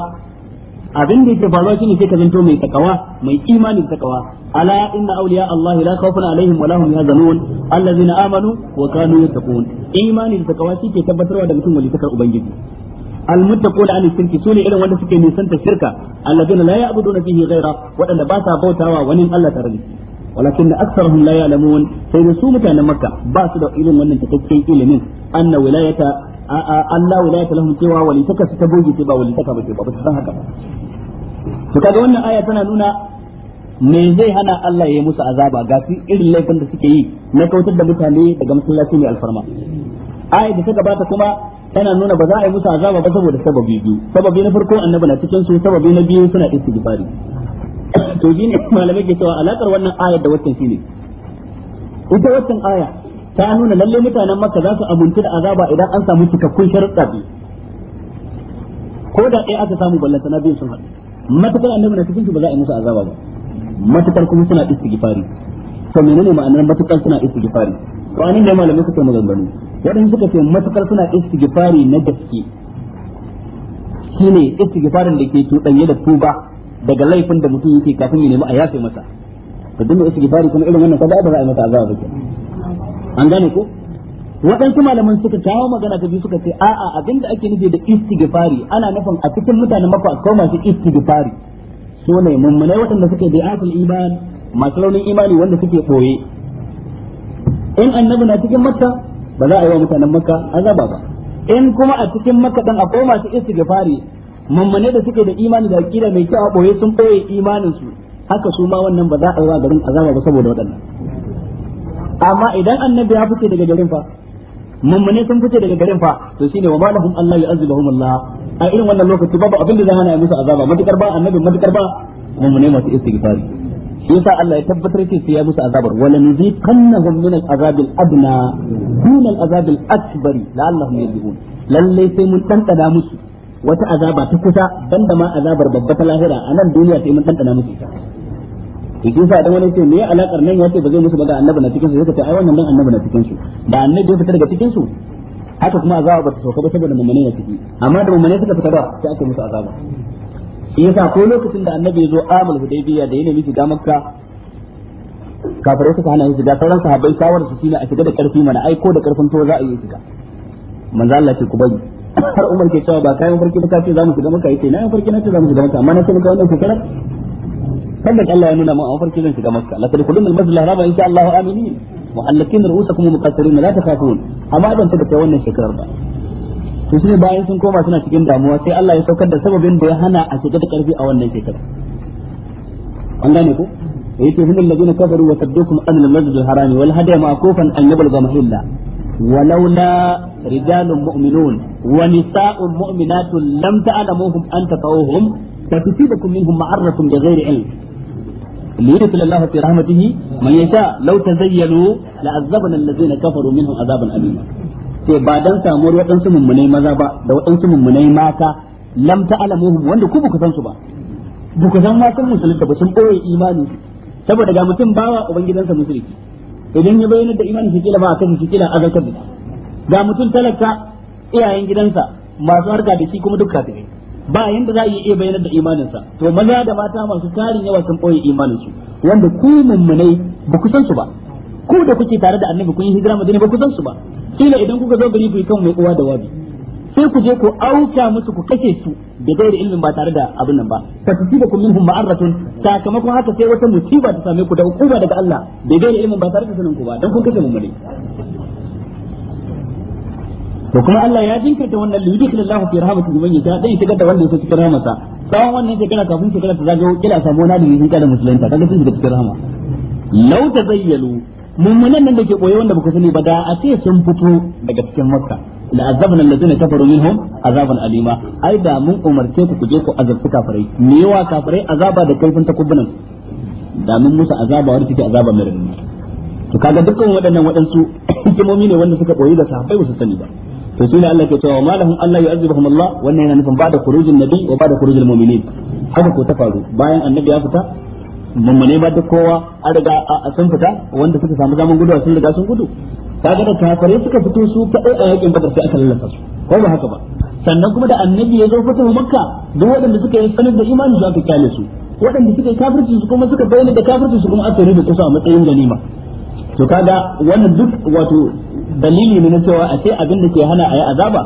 abin da yake faruwa shine sai ka zanto mai takawa mai imanin takawa ala inna awliya Allah la khawfun alaihim wa lahum yahzanun allazina amanu wa kanu yattaqun imanin takawa shi ke tabbatarwa da mutum walitakar ubangiji المتقون عن الشرك سوني إلى وأن سكي من سنة الشركة الذين لا يعبدون فيه غيره وأن باسا بوتا ونين الله ترجي walakin aktharuhum la ya'lamun sai da su mutanen makka ba su da irin wannan takakken ilimin anna wilayata Allah wilayata lahum cewa walitaka su ta goge ce ba walitaka ba ce ba san haka ba to kaga wannan aya tana nuna me zai hana Allah ya yi musu azaba ga su irin laifin da suke yi na kautar da mutane daga masallaci mai alfarma aya da ta gabata kuma tana nuna ba za a yi musu azaba ba saboda sababi biyu sababi na farko annabi na cikin su sababi na biyu suna istighfari to ne malamai ke cewa alakar wannan ayar da waccan shine ita waccan aya ta nuna lalle mutanen makka za su abunci da azaba idan an samu cikakkun sharuɗa biyu ko da ɗaya aka samu ballanta na biyun sun haɗu matakar annabi na cikin su ba za a yi musu azaba ba matakar kuma suna istighfari to menene ma'anar matukar suna istighfari to anin ne malamai suka maganganu wadanda suka ce matukar suna istighfari na gaske shine istighfarin da ke tudanye da tuba daga laifin da mutum yake kafin ya nemi a yafe masa to dinga gifari kuma irin wannan kada ba za a mata azaba ba an gane ko waɗansu malaman suka kawo magana ta biyu suka ce a'a abinda ake nufi da istighfari ana nufin a cikin mutane a akwai masu istighfari so ne mummunai waɗanda suke bi'atul iman masu raunin imani wanda suke ɓoye in annabi na cikin makka ba za a yi wa mutanen makka azaba ba in kuma a cikin makka dan akwai masu istighfari mummune da suke da imani da aqida mai kyau a boye sun boye imanin su haka su ma wannan ba za a yi garin azaba ba saboda waɗannan amma idan annabi ya fice daga garin fa mummune sun fice daga garin fa to shine wa malahum Allah yu'azibuhum Allah a irin wannan lokaci babu abin da zai hana musu azaba matukar ba annabi matukar ba mummune masu istighfari shi yasa Allah ya tabbatar ce sai ya musu azabar wala nuziqannahum min al-azab al-adna dun al-azab al-akbar la'allahum yarji'un lalle sai mun tantada musu wata azaba ta kusa banda ma azabar babba ta lahira a nan duniya sai mun tantana musu ita idan sa dan wani ce me alakar nan yace ba zai musu ba da annabi na cikin su sai ce ai wannan dan annabi na cikin su da annabi ya fita daga cikin su haka kuma azaba ba ta soka ba saboda mummune na ciki amma da mummune suka fita da sai ake musu azaba shi yasa ko lokacin da annabi ya zo amul hudaybiya da yana miki ga makka kafirai suka hana shiga sauran sahabbai shawara su shine a shiga da karfi mana ai ko da karfin to za a yi shiga manzo Allah ce ku bari har umar ke cewa ba kayan farki ba ka za mu shiga maka yace na farki na ce za mu shiga maka amma na ce maka wannan shekarar kada Allah ya nuna mu an farki zan shiga maka la tadkhulun al masjid al haram insha Allah aminin muhallakin ru'usakum muqassirin la takhafun amma ban ta kai wannan shekarar ba to shine bayan sun koma suna cikin damuwa sai Allah ya saukar da sababin da ya hana a shiga da karfi a wannan shekarar an gane ku yace humul ladina kafaru wa saddukum an al masjid al haram wal an mahilla ولولا رجال مؤمنون ونساء مؤمنات لم تعلموهم أن تطعوهم فتصيبكم منهم معرة بغير علم ليدخل الله في رحمته من يشاء لو تزينوا لعذبنا الذين كفروا منهم عذابا أليما sai ba dan samuwar waɗansu mummunai maza ba da waɗansu mummunai mata lam ta'lamuhum wanda ku buku san su ba buku san ma sun musulunta ba sun ɓoye imani saboda ga mutum bawa ubangidansa musulunci idan ya bayyana da imanin shi ba a kashe shi kila da ga mutum talaka iyayen gidansa masu harka da shi kuma duk kafirai ba yanda za a iya bayyana da imaninsa to maza da mata masu tarin yawa sun imanin imaninsu wanda ku mummunai ba ku san su ba ku da kuke tare da annabi kun yi hijira madina ba ku san su ba kila idan kuka zo gari ku yi kan mai uwa da wabi sai ku je ku auka musu ku kashe su da gairi ilmin ba tare da abin nan ba fa tusibakum minhum ma'aratun sakamakon haka sai wata musiba ta same ku da hukuma daga Allah da gairi ilmin ba tare da sanin ku ba dan kun kashe mummune to kuma Allah ya jinkirta wannan kullu Allah fi rahmatihi man yata dai shigar da wannan cikin rahmasa tsawon wannan shekara kafin shekara ta zagayo kila samu wani da yake musulunta kaga sun shiga cikin rahama law tazayyalu mummunan nan da ke koyi wanda ba ku sani ba da a ce sun fito daga cikin makka la azabna allazina kafaru minhum azaban alima ai da mun umarce ku kuje ku azabta kafirai me yawa kafirai azaba da kaifin takubbunan da mun musu azaba wadda take azaba mai rinni to kaga dukkan waɗannan waɗansu [coughs] hikimomi ne wanda suka koyi da sahabbai ba su sani ba to shine Allah ke cewa ma lahum Allah yu'azibuhum Allah wannan yana nufin ba bada khurujin nabi wa bada khurujil mu'minin haka ko ta faru bayan annabi ya fita mummune ba duk kowa an riga sun fita wanda suka samu zaman gudu sun riga sun gudu kaga da kafare suka fito su kadai a yakin badar sai aka lallasa su ko ba haka ba sannan kuma da annabi ya zo fito makka duk waɗanda suka yi sanin da imani za ka kyale su waɗanda suka yi kafirci su kuma suka bayyana da kafirci su kuma aka rubuta su a matsayin ganima to kaga wannan duk wato dalili ne na cewa a sai abin da ke hana a yi azaba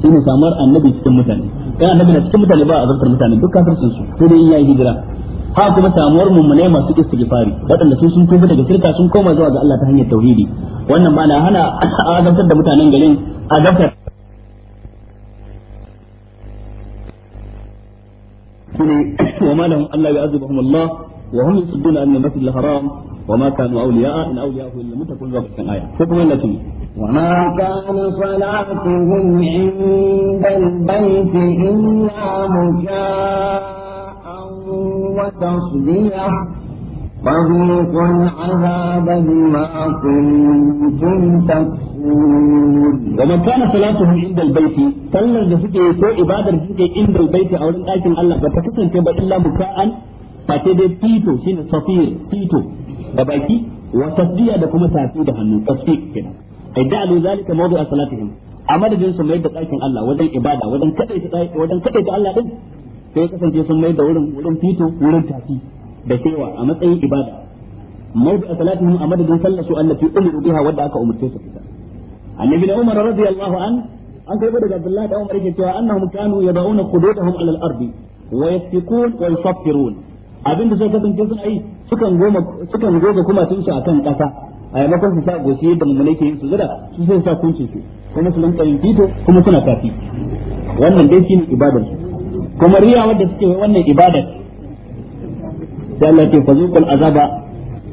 shi ne samar annabi cikin mutane dan annabi na cikin mutane ba a azabtar mutane duk kafircin su sai dai in yayi hijira ha kuma samuwar mummune masu istighfari waɗanda su sun tuba daga shirka sun koma zuwa ga Allah ta hanyar tauhidi wannan ba na hana azabtar da mutanen garin azabtar shine wa malahum Allah ya azabahum Allah wa hum yasudduna haram وتصديه فذوقوا العذاب بما كنتم تكفرون ومن كان صلاته عند البيت صلى الجسد كو عبادة الجسد عند البيت أو لكن الله فتكسن كبا إلا مكاء فتدي تيتو سين صفير تيتو دباكي وتصديه دكما تأتيد هنو تصفيق كده ادعوا ذلك موضوع صلاتهم a madadin su mai da ɗakin Allah wajen ibada wajen kadaita wajen kadaita Allah din sai kasance sun mai da wurin wurin fito wurin tafi da cewa a matsayin ibada mawdu salatihim a madadin sallatu allati umiru biha wadda aka umurce su fita annabi umar radiyallahu an an kai daga abdullahi da umar yake cewa annahum kanu yad'una qududahum ala al-ardi wa yasfikun wa yusaffirun abin da zai kasance sun ai sukan goma sukan goga kuma tun su akan kasa a yamakon su sa goshi yadda mummune ke yin su zira su sai sa kuncin su kuma su lanka yin fito kuma suna tafi wannan dai shine ibadar su kuma riya wanda suke wannan ibada sai Allah ke fazuqul azaba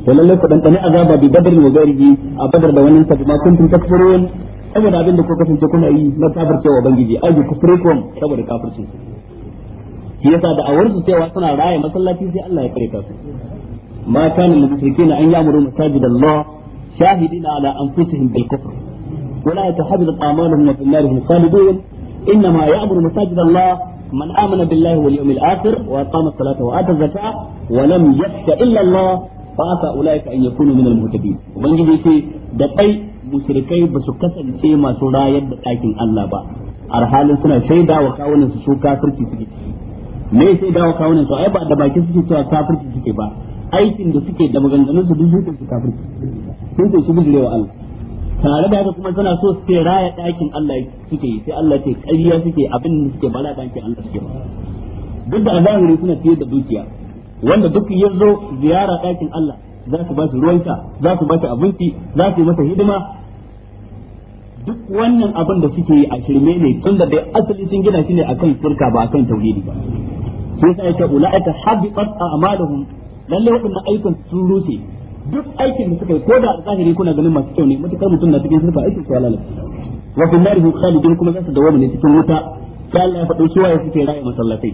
to lalle ku dandane azaba bi badr wa ghairihi a badar da wannan sa kuma kuntum takfurun saboda abin da ku kasance kuna yi na kafircewa bangiji ai ku kufrikum saboda kafirci shi yasa da awar su cewa suna raye masallaci sai Allah ya kare ka su ma kana mushrikin an ya'muru masajid Allah shahidina ala anfusihim bil kufr ولا يتحدث أعمالهم وفي النار هم خالدون إنما يأمر مساجد من آمن بالله واليوم الآخر وأقام الصلاة وآتى الزكاة ولم يخش إلا الله فأتى أولئك أن يكونوا من المهتدين وبنجي في دقي مشركي بسكسا في ما سرايا دقائك الله با أرحال سنة شيدا وكاونا سوكا تركي سكي me sai dawo kawunan su ai ba da baki suke cewa kafirci suke ba aikin da suke da maganganun su duk su kafirci sun ce su bijirewa Allah tare da haka kuma suna so su raya ɗakin Allah suke yi sai Allah ce ƙarya suke abin da suke bala ɗakin Allah suke duk da a zahiri suna fiye da dukiya wanda duk ya zo ziyara ɗakin Allah za su ba shi ruwan za su ba shi abinci za su yi masa hidima duk wannan abin da suke yi a shirme ne tun da dai asali sun gina shi ne akan shirka ba akan tauhidi ba sai sai ta ulaika habitat a'maluhum lalle wadannan aikin sun rushe duk aikin da suka yi ko da a zahiri kuna ganin masu kyau ne matukar mutum na cikin sirfa aikin su halala wa kun narihu khalidin kuma zasu su dawo ne cikin wuta sai Allah ya faɗo cewa ya suke raya masallatai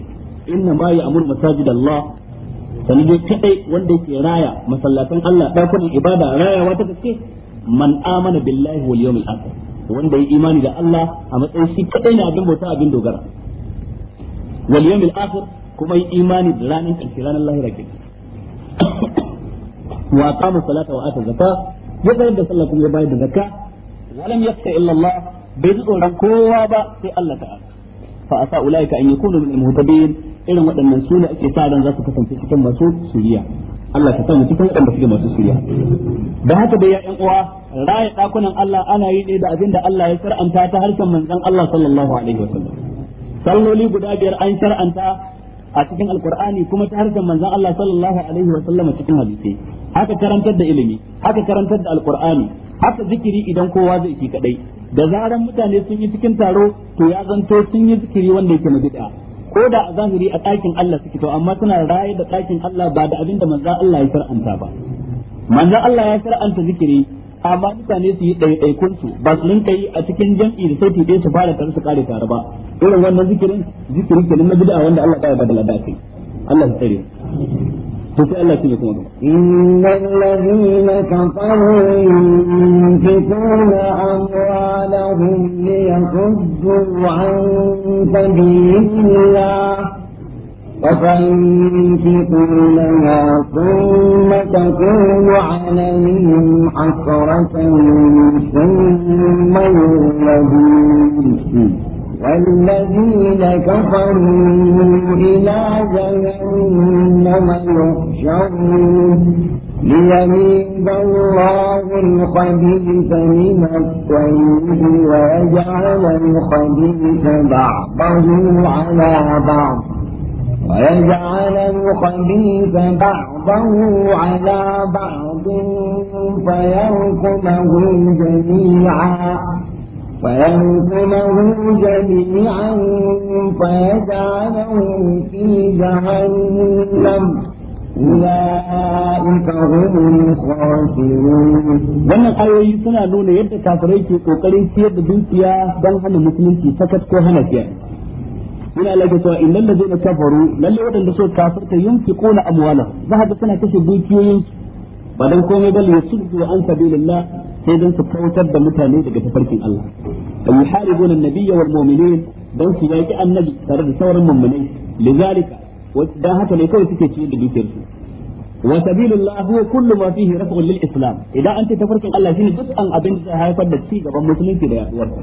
inna ma ya'muru masajidallah sanin dai kadai wanda yake raya masallatan Allah dakunan ibada raya ta gaske man amana billahi wal yawmil akhir wanda ya imani da Allah a matsayin shi kadai ne abin bauta abin dogara wal yawmil akhir kuma yi imani da ranar karshe ranar lahira kenan wa aqama salata wa ata zakka ya bayar da sallah kuma ya bayar da zakka walam yakhsha illa Allah bai ji tsoron kowa ba sai Allah ta'ala fa asa ulaika an yakunu min al-muhtadin irin waɗannan sune ake sa ran za su kasance cikin masu suriya Allah ta sanya cikin waɗanda suke masu suriya da haka da ya uwa raya ɗakunan Allah ana yi ne da abin da Allah ya shar'anta ta harshen manzon Allah sallallahu alaihi wasallam salloli guda biyar an shar'anta a cikin alqur'ani kuma ta harshen manzon Allah sallallahu alaihi wasallam cikin hadisi haka karantar da ilimi haka karantar da alkur'ani haka zikiri idan kowa zai yi kadai da zaran mutane sun yi cikin taro to ya zanto sun yi zikiri wanda yake mabida bid'a ko da a zahiri a ɗakin Allah suke to amma suna raye da ɗakin Allah ba da abin da Allah ya shar'anta ba manzo Allah ya shar'anta zikiri amma mutane su yi ɗaiɗaikun su ba su rinka yi a cikin jam'i da sai ɗaya su fara tare su kare tare ba irin wannan zikirin zikirin kenan na bid'a wanda Allah ya bada ladafi Allah ya tsare sai Allah shi ne kuma ba. Innan ladina kafaru yunfikuna amwalahum li yaqdu an sabilillah wa fayunfikuna ma thumma takunu alaihim hasratan thumma yunfikuna والذين كفروا إلى جهنم يحشرون ليميز الله الخبيث من الطيب ويجعل الخبيث بعضه على بعض ويجعل الخبيث بعضه على بعض فيركمه جميعا فينقله جميعا فيجعله في جهنم wannan ayoyi suna nuna yadda kafirai ke kokarin siyar da dukiya don hana musulunci sakat ko hana siyar ina lage cewa zai na kafaru lalle wadanda suka ka yunfiquna kona za ga suna kashe dukiyoyin ba dan komai bal yasuddu an sabilillah sai don su kautar da mutane daga tafarkin Allah da yuharibuna an-nabiyya wal mu'minin dan su yaki annabi tare da sauran mu'minai lizalika dan haka ne kawai suke ciye da dukiyar su wa sabilullah huwa kullu ma fihi raf'un lil islam idan an ce tafarkin Allah shine an abin da zai haifar da ci gaban musulunci da yaduwar sa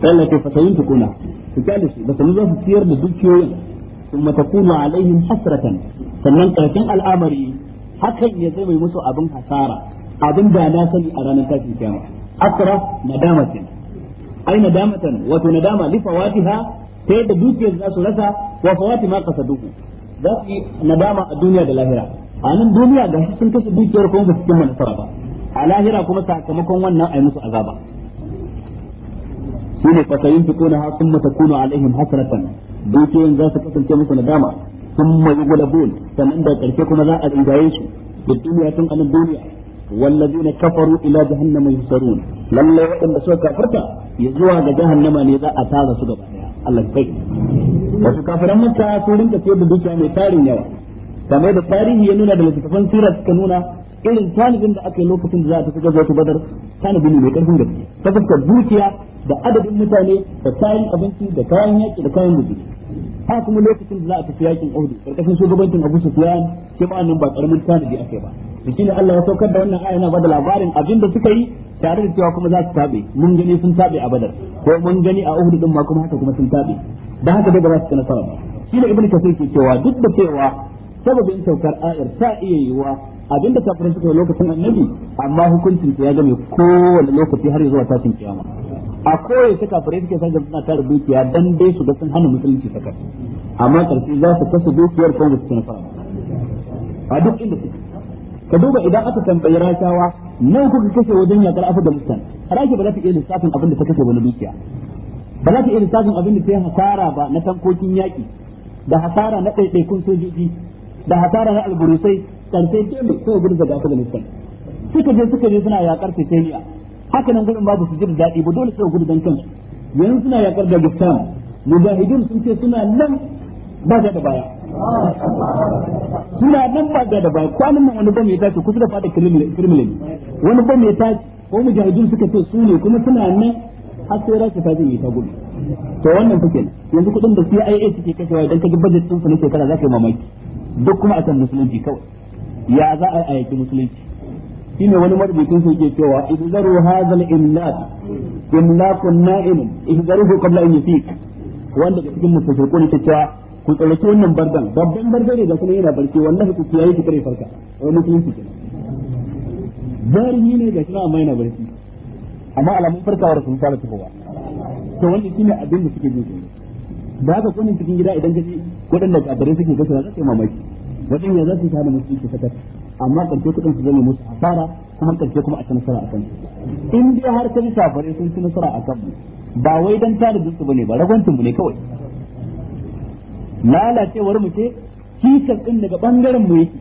sallah ta fasayin tukuna su kyale shi ba sanu za su ciyar da dukiyoyin kuma takunu alaihin hasratan sannan karshen al'amari hakan ya zai mai musu abin hasara abin da na sani a ranar tashin kiyama akra nadamatin ai nadamatan wato nadama li fawatiha ta yadda dukiyar za su rasa wa fawati ma duku. za su yi nadama a duniya da lahira a nan duniya ga sun kasa dukiyar kuma ba su cimma nasara ba a lahira kuma sakamakon wannan ai musu azaba fasayin fa na hasun takunu alaihim hasratan dukiyoyin za su kasance musu nadama sun mai bol sannan da karshe kuma za a rinjaye su da duniya tun nan duniya والذين كفروا إلى جهنم يهزرون لما يقوم بسوء كفرتا يزوها جهنم أن إذا أتاها سبب الله يبين wasu kafiran maka su rinka ce da dukiya mai tarin yawa kamar da tarihi ya nuna da littattafan sirar suka nuna irin talibin da aka yi lokacin da za ta shiga zuwa badar talibi ne mai karfin gaske ta fuskar dukiya da adadin mutane da kayan abinci da kayan yaki da kayan biki ha kuma lokacin da za a tafi yakin audu karkashin shugabancin Abu Sufyan shi ba nan ba karamin talibi ake ba shi ne Allah ya saukar da wannan aya yana bada labarin abin da suka yi tare da cewa kuma za su tabe mun gani sun tabe a badar ko mun gani a uhud din ma kuma haka kuma sun tabe da haka daga ba su kana fara shi ne ibnu kasir ke cewa duk da cewa sababin saukar ayar ta iya yiwa abin da kafirai suka yi lokacin annabi amma hukuncin ya game kowane lokaci har zuwa tashin kiyama a koyaushe ta kafirai suke san suna tara dukiya dan dai su ga sun hana musulunci sakar amma karfi za su kasa dukiyar kuma su kana fara a duk inda suke ka duba idan aka tambayi rashawa nan kuka kashe wajen yakar afganistan rashi ba za ta iya lissafin abin da ta kashe wani dukiya ba za ta iya lissafin abin da ta yi hasara ba na tankokin yaƙi da hasara na ɗaiɗaikun sojoji da hasara na alburusai ƙarfe dole sai gudu daga afganistan suka je suka je suna yakar titaniya haka nan gudun babu su ji da daɗi ba dole sai gudu dan kansu yanzu suna yakar dagestan mujahidin sun ce suna nan ba da baya suna nan ba ga da ba kwanan nan wani bam ya tashi kusa da fata kirmilin wani bam ya tashi ko mujahidin suka ce su ne kuma suna nan har sai rashin ta zai ta gudu to wannan fuke yanzu kudin da CIA suke kashewa idan ka ji budget din su ne shekara za ka yi mamaki duk kuma a akan musulunci kawai ya za a ayyaki musulunci shine wani marubucin sai ke cewa ihzaru hadhal imlaq imlaqun na'im ihzaruhu qabla an yafiq wanda ga cikin musulunci ne cewa ku tsallake wannan bardan babban bardan ne da kuma yana barke wannan ku kiyaye yayi kare farka wai musulunci kenan zarihi ne ga kuma amma yana barci amma alamun farkawar sun fara tafowa to wannan shine abin da suke jin tsoro da haka kunin cikin gida idan ka ji waɗanda kabarai suke gaskiya za su mamaki waɗanda za su yi musu musulunci sakat amma karshe kudin su zama musu asara kuma karshe kuma a ci nasara a kan in dai har ka ji kafirai sun ci nasara a kan mu ba wai dan tare da su bane ba ragwantun mu ne kawai lalacewar mu ce kisar din daga bangaren mu yake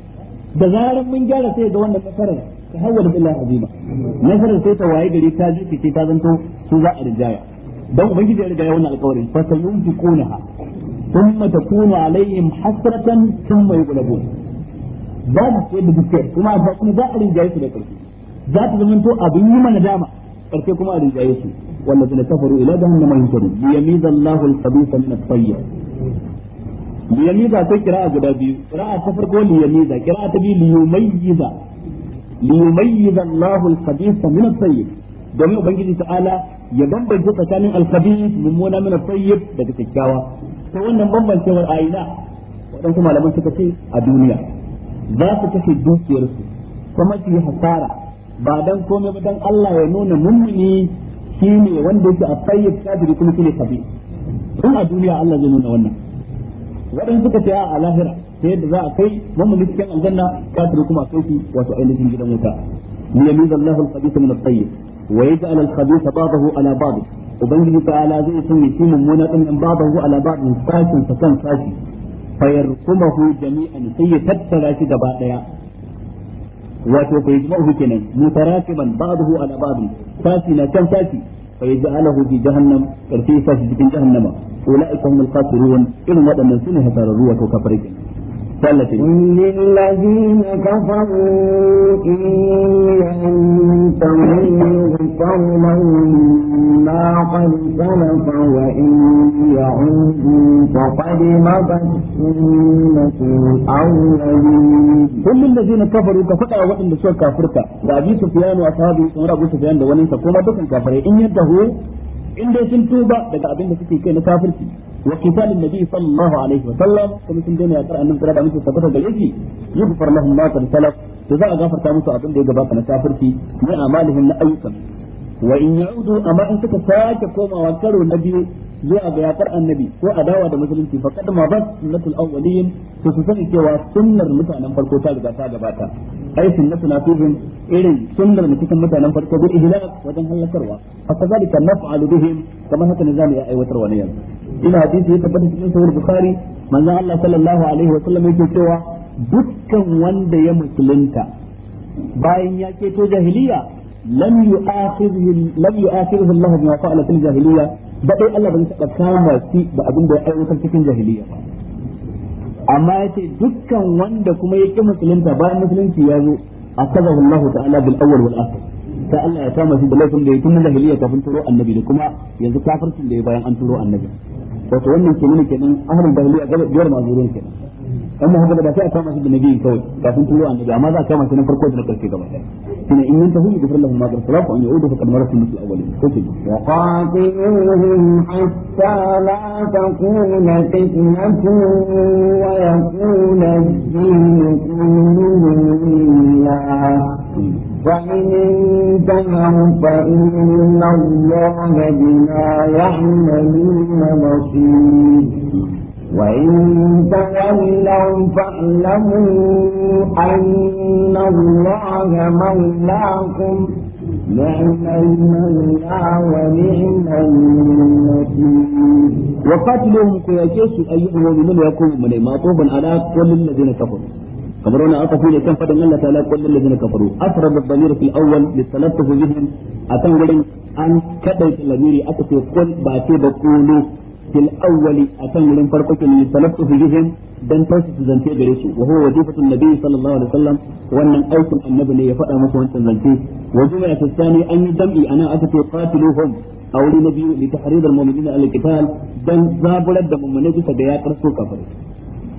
da zarar mun gyara sai ga wannan nasarar ta hawwala illa azima nasarar sai ta waye gari ta ji ce ta zanto su za a rijaya dan ubangiji ya riga ya wannan alƙawarin fa sayunfiqunaha ثم تكون hasratan حسرة ثم يغلبون babu ce da gaskiyar kuma ba kuma za a rinjaye su da karfi za ta zama to abin yi mana dama karfe kuma a rinjaye su wanda suna kafaru ila jahannama yunsaru bi yamiza Allahu al-khabitha min at-tayyib liyamiza sai kira'a guda biyu kira'a ta farko liyamiza kira'a ta biyu liyumayyiza liyumayyiza Allahu al-khabith min at-tayyib domin ubangiji ta'ala ya bambance tsakanin al-khabith mummuna min at-tayyib daga kyakkyawa to wannan bambancewar ayina waɗansu malaman suka ce a duniya za su kashe dukiyarsu kuma su yi hasara ba dan komai ba dan Allah ya nuna mummuni shine wanda yake a tayyib kafiri kuma shine khabith tun a duniya Allah zai nuna wannan waɗanda suka ce a lahira ta yadda za a kai mamuni cikin aljanna kafir kuma kai shi wato ainihin gidan wuta Ni yamiza Allahu al-khabith min at-tayyib wa yaj'al al ba'dahu ala ba'd ubangiji ta'ala zai sanya shi mummuna din in ba'dahu ala ba'd sakin sa kan saki fayarkumahu jami'an sai ya tattara shi gaba daya wato fa yajma'uhu kenan mutarakiban ba'dahu ala ba'd saki na kan saki fa yaj'aluhu fi jahannam karfi sa shi cikin jahannama ulaika humul khasirun irin waɗannan sune hasararru wato kafirai للذين كفروا إن ينتهوا قوما ما قد سلف وإن يعودوا فقد مضت سنة الأولين كل الذين كفروا كفتا وإن سوى كافرك وأبي سفيان وأصحابه سمر أبو سفيان لونين فكما دكم كافرين إن ينتهوا in dai sun tuba daga abin da suke kai na kafirci wa qitalin nabi sallallahu alaihi wa sallam kuma sun daina yakar annabi da muke tabbata da yake yughfar lahum ma kan salaf to za a gafarta musu abin da ya gabata na kafirci ne amalihim na ayyukan wa in ya'udu amma in suka sake komawa karo na biyu zuwa ga yakar annabi ko a dawa da musulunci fa kad ma bas sunnatul awwaliyin to su sani cewa sunnar mutanen farko ta riga ta gabata ai sunnatu nafizin irin sunnar cikin mutanen farko bi ihlaq wajen halakarwa fa kazalika naf'alu bihim kamar haka ne zamu yi aiwatar wa yanzu ina hadisi ya tabbata cikin sahih bukhari manzon Allah sallallahu alaihi wa sallam yake cewa dukkan wanda ya musulunta bayan ya keto jahiliya lam yu'akhidhu lam yu'akhidhu Allah bima fa'ala fil jahiliya da Allah bai taɓa kama shi da abin da ya aiwatar cikin jahiliya amma yace dukkan wanda kuma ya ki musulunta bayan musulunci ya zo akazahu Allah ta'ala bil awwal wal akhir ta Allah ya kama shi da laifin da ya tun jahiliya kafin turo annabi da kuma yanzu kafircin da ya bayan an turo annabi wato wannan ke nuna kenan ahlul jahiliya gaba biyar mazurun kenan amma haka da sai a kama shi da nabi kawai kafin turo annabi amma za a kama shi na farko da na karshe gaba kina in yanta hu yughfir lahum ma qad salaf an yu'udu fa qad maratu misl awwalin ko ce wa qatiluhum hatta la takuna fitnatun wa yakuna ad-din kulluhu lillah فإن انتهوا فإن الله بما يعملون بصير وإن تولوا فاعلموا أن الله مولاكم نعم المولى ونعم النصير وقتلهم كيكيس أيها المؤمنين يقوم من ما طوبا على كل الذين كفروا kamar wannan aka ne kan fadin Allah ta'ala kullu allazina kafaru afrad ad-damir fil awwal li salatuhu bihim akan gurin an kadaita lamiri aka ce kun ba ce da kulu fil awwali akan gurin farko ke li salatuhu bihim dan tausu su zance gare su wa huwa wajifatun nabi sallallahu alaihi wasallam wannan aikin annabi ne ya faɗa musu wancan zance wa juma'a tsani an yi dambi ana aka ce qatiluhum a wuri na biyu li tahrir al-mu'minina al-qital dan zaburar da mu'minai bisa da ya su kafirai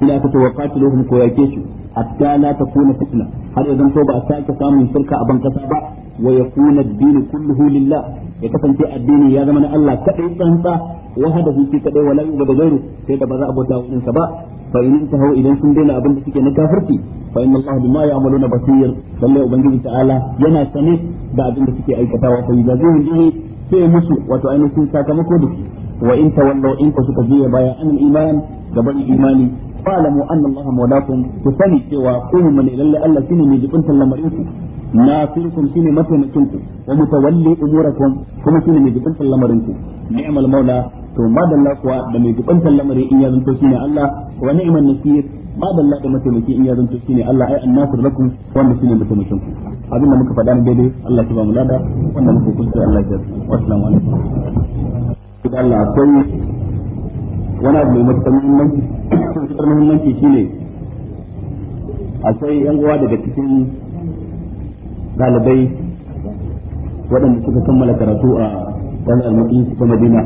ina aka ce wa qatiluhum ko yake su hatta la takuna fitna har idan to ba a sake samun shirka a ban kasa ba wa yakuna ad-din kulluhu lillah ya kasance addini ya zama na Allah kadai tsantsa wahdahu shi kadai wala yubada ghayru sai da ba za a bauta wa sa ba fa in hau idan sun daina abin da suke na kafirci fa inna Allah bima ya'maluna basir lalle ubangiji ta'ala yana sane da abin da suke aikatawa fa yajazihum bihi sai musu wato ainihin sakamako da wa in tawallaw in ku suka biya baya an iman gaban imani fa'lamu anna Allah mawlakum ku sani cewa kuma mun lalle Allah shine mai jibin lamarin ku nasirkum shine mataimakin ku wa mutawalli umurakum kuma shine mai jibin lamarin ku ni'mal maula to madalla kuwa da mai jibin lamarin in ya zanto shine Allah wa ni'mal nasir madalla da mataimaki in ya zanto shine Allah ai annasir lakum wanda shine mataimakin ku abinda muka faɗa ne daidai Allah ya ba mu lada wanda muka kusa Allah ya wa assalamu alaikum Allah akwai wani abu mai matuƙar muhimmanci matuƙar muhimmanci shine akwai yan uwa daga cikin ɗalibai waɗanda suka kammala karatu a wani almakin ta madina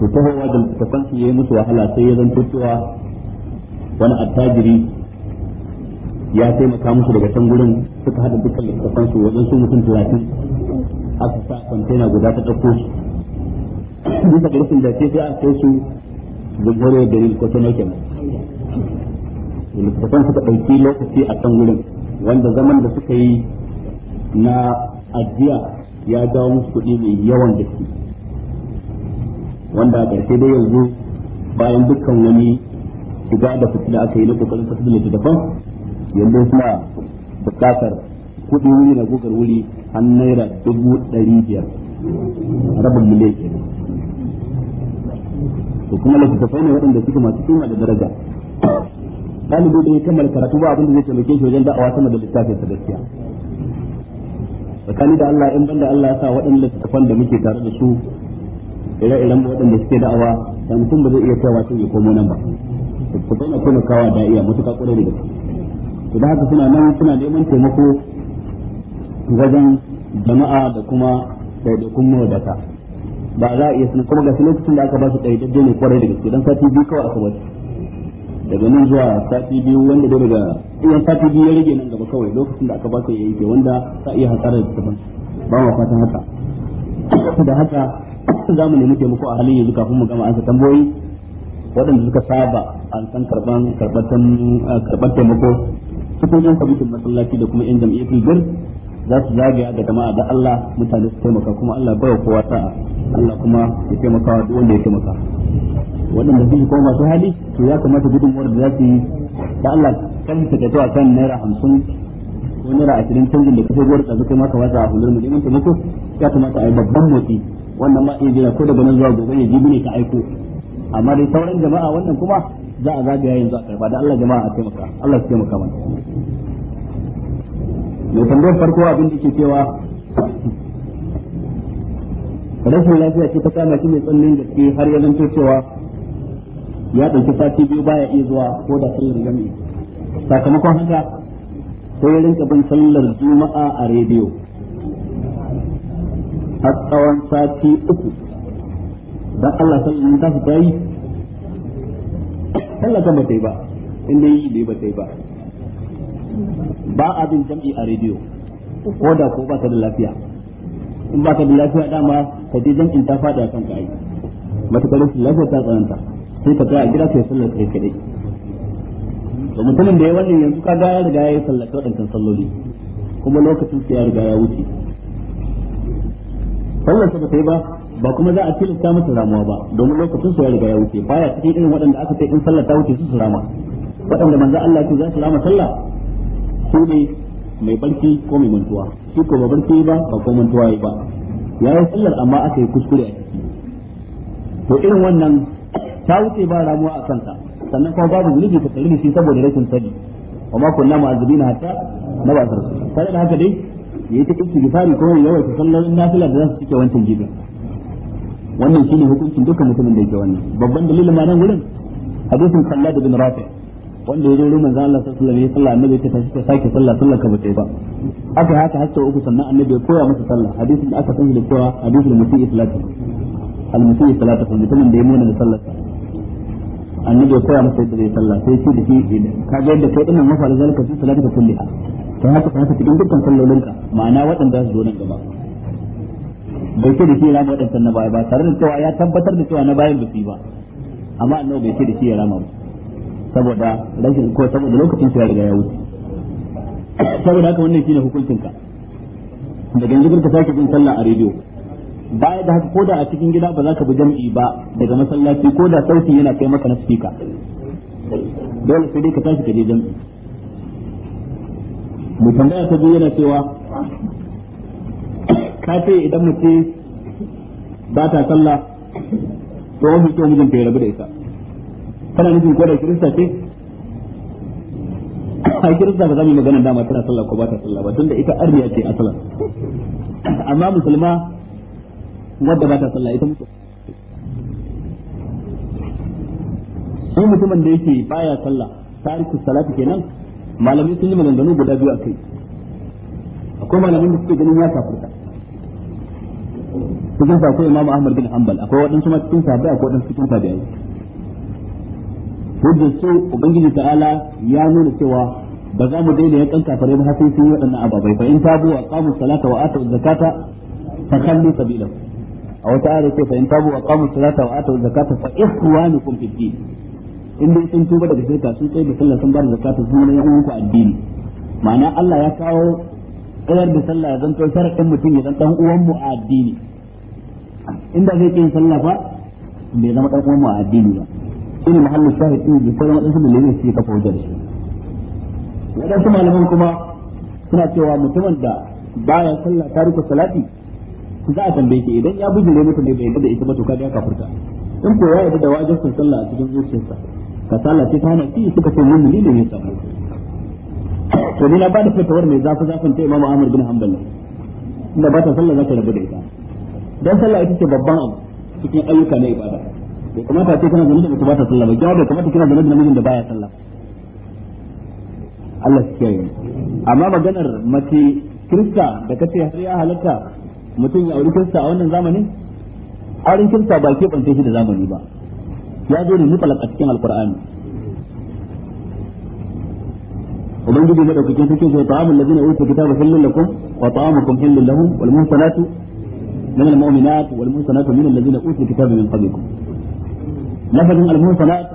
to tahowa da littattafan ya yi musu wahala sai ya zanto cewa wani attajiri ya taimaka musu daga can gurin suka haɗa dukkan littattafan wajen su mutum talatin aka sa kwantena guda ta ɗauko su bisa ga rufin da ce sai a kai su da dalil ko ta nake nan suka ɗauki lokaci a kan wurin wanda zaman da suka yi na ajiya ya dawo musu kuɗi mai yawan su wanda a ƙarshe dai yanzu bayan dukkan wani shiga da da aka yi na ƙoƙarin tafi da littattafan yanzu suna buƙatar kuɗi wuri na gugar wuri har naira dubu ɗari biyar rabin miliyan kenan to kuma lafi littattafai ne waɗanda suke masu kima da daraja ɗalibi da ya kammala karatu ba abin da zai taimake shi wajen da'awa sama da littafin sa gaskiya tsakani da Allah in banda Allah ya sa waɗannan littafan da muke tare da su ire-iren waɗanda suke da'awa da mutum ba zai iya cewa sun ya komo nan ba littattafai na kuna kawa da iya matuƙa ƙwarai da su to da haka suna nan suna neman taimako wajen jama'a da kuma ɗaiɗaikun mawadata ba za a iya sanin kuma ga lokacin da aka ba ɗari kaidadde ne kwarai da gaske don sati biyu kawai aka ba daga nan zuwa sati biyu wanda dai daga iyan sati biyu ya rage nan gaba kawai lokacin da aka ba su ya yanke wanda ta iya hasara da taban ba ma fatan haka da haka [coughs] za mu nemi taimako a halin yanzu kafin mu gama ansa tambayoyi waɗanda suka saba a san karban karɓar eh, taimako cikin yan kwamitin masallaci da kuma yan jam'iyyar za su zagaya da jama'a da Allah mutane su taimaka kuma Allah bai kowa sa'a Allah kuma ya taimaka wa duk wanda ya taimaka waɗanda suke kuma masu hali to ya kamata gudunmuwar da za su yi da Allah kan ta tafi kan naira hamsin ko naira ashirin canjin da kake gwar da zuka maka wata a hular mulimin taimako ya kamata a yi babban motsi wannan ma iya jira ko daga nan zuwa gobe ya jibi ne ka aiko amma dai sauran jama'a wannan kuma za a zagaya yanzu a karba da Allah jama'a a taimaka Allah su taimaka mana mai tambayar farko abin da ke cewa rashin lafiya ce ta kama shi mai tsananin gaske har ya zanto cewa ya ɗauki sati biyu baya iya zuwa ko da sallar jami'i sakamakon haka sai ya rinka bin sallar juma'a a rediyo a tsawon sati uku don Allah sallar mun tafi ta yi sallar ta ba ta yi ba inda yi bai ba ta yi ba ba abin jam'i a rediyo ko da ko ba ka da lafiya in ba ka da lafiya dama ta je jam'in ta fada kan ka ai matakar rashin lafiya ta tsananta sai ka tsaya a gida yi sallar kai kadai to mutumin da ya wannan yanzu ka ga ya riga ya yi sallar salloli kuma lokacin su ya riga ya wuce sallar sa ba ta yi ba ba kuma za a tilasta masa ramuwa ba domin lokacin su ya riga ya wuce baya cikin irin waɗanda aka ce in sallar ta wuce su su rama waɗanda manzo Allah ya ce za su rama sallah su ne mai barci ko mai mantuwa shi ko ba barci ba ba ko mantuwa ba ya yi sallar amma aka yi kuskure a ciki to irin wannan ta wuce ba ramuwa a kanta sannan kuma babu zunubi ta tsari shi saboda rashin sani wa ma kunna na hatta na ba sarki kada da haka dai ya yi ta istighfari ko yawa yawaita sallar nafila da za su cike wancan gidan wannan shine hukuncin dukkan mutumin da yake wannan babban dalilin ma nan gurin hadisin sallad bin Rafi' wanda ya zo ruman zan Allah sallallahu alaihi wasallam annabi ta tashi ta sake sallah sallah ka bace ba aka haka hatta uku sannan annabi ya koya masa sallah hadisin da aka san da cewa da musii salatu al musii salatu kuma mutumin da ya muna da sallar annabi ya koya masa yadda zai sallah sai shi da shi ka ga yadda kai dinnan mafa da zalika fi salatuka kulliha to haka ka haka cikin dukkan sallolinka ma'ana waɗanda su zo nan gaba bai ce da shi rama waɗansan na baya ba tare da cewa ya tabbatar da cewa na bayan ba ba amma annabi bai ce da shi ya rama ba saboda rashin ko saboda lokacin su ya riga ya wuce saboda haka wannan shine hukuncin ka daga yanzu ka sake jin sallah a rediyo baya da haka koda a cikin gida ba za ka bi jam'i ba daga masallaci koda sauti yana kai maka na speaker dole sai dai ka tashi ka je jam'i mu tambaya ta yana cewa ka ce idan mace ba ta sallah to wani to mijinta ya rabu da ita kana nufin ko da kirista ce a kirista ba za mu yi magana dama tana sallah ko ba ta sallah ba tunda ita arniya ce asalan amma musulma wadda ba ta sallah ita musu sai mutumin da yake baya sallah tarikus salati kenan malamai sun yi maganganu guda biyu a kai akwai malamin da suke ganin ya kafurta cikin sa akwai imamu ahmad bin hanbal akwai waɗansu ma cikin sahabbai akwai waɗansu cikin tabi'ai hujjar su ubangiji ta'ala ya nuna cewa ba za mu daina yankan kafare ba sai sun yi waɗannan ababai fa in tabu wa qamu salata wa atu zakata fa khallu sabilahu a wata ayar ce fa in tabu wa qamu salata wa atu zakata fa ikhwanukum fid din in dai sun tuba daga shirka sun tsaye da sallah sun ba zakata sun ne yan ku addini ma'ana Allah ya kawo tsayar da sallah ya zanto sharadin mutum ya zanto uwan mu a addini inda zai yin sallah fa bai zama dan uwan mu a addini ba shine mahallin shahid din da sauran wadansu da lele shi kafa wajen shi wadansu malaman kuma suna cewa mutumin da baya sallah tariku salati za a tambaye shi idan ya bujure mutu da bai da ita ba to kaga ya kafurta in ko ya yarda da wajibin sallah a cikin zuciyarsa kasala ce ta hana shi suka ce mun ne ne sabu to ni na ba da fitowar mai zafi zafin ta imamu amir bin Hanbal inda ba ta sallah zaka rabu da ita dan sallah ita ce babban abu cikin ayyuka na ibada bai kamata ce kana zaune da mutu ba ta sallah ba kyawa bai kamata kina zaune da namijin da baya sallah Allah shi kiyaye amma maganar mace kirista da kace har ya halatta mutum ya auri kirista a wannan zamani auren kirista ba ke bance shi da zamani ba ya zo ne mutalak a cikin alqur'ani ubangiji madaukakin sarki sai ta'amul ladina utul kitaba halal lakum wa ta'amukum halal lahum wal muhsanatu من المؤمنات والمحصنات من الذين اوتوا الكتاب من قبلكم lafazin al-mursalat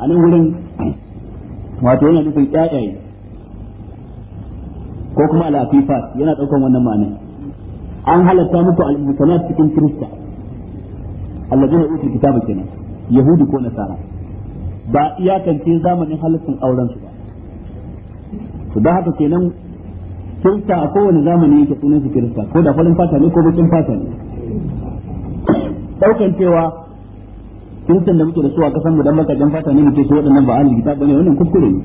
a nan wurin wato yana nufin ƴaƴaye ko kuma al-afifat yana daukan wannan ma'ana an halatta muku al-mursalat cikin kirista allazina utul kitaba kenan yahudi ko nasara ba iyakance zamanin halittun auren su ba su da haka kenan kirista a kowane zamani yake sunan shi kirista ko da farin fata ne ko bakin fata ne daukan cewa kristin da muke da su a kasan mu dan bakajen fata ne muke so waɗannan ba ahlul kitab bane wannan kuskure ne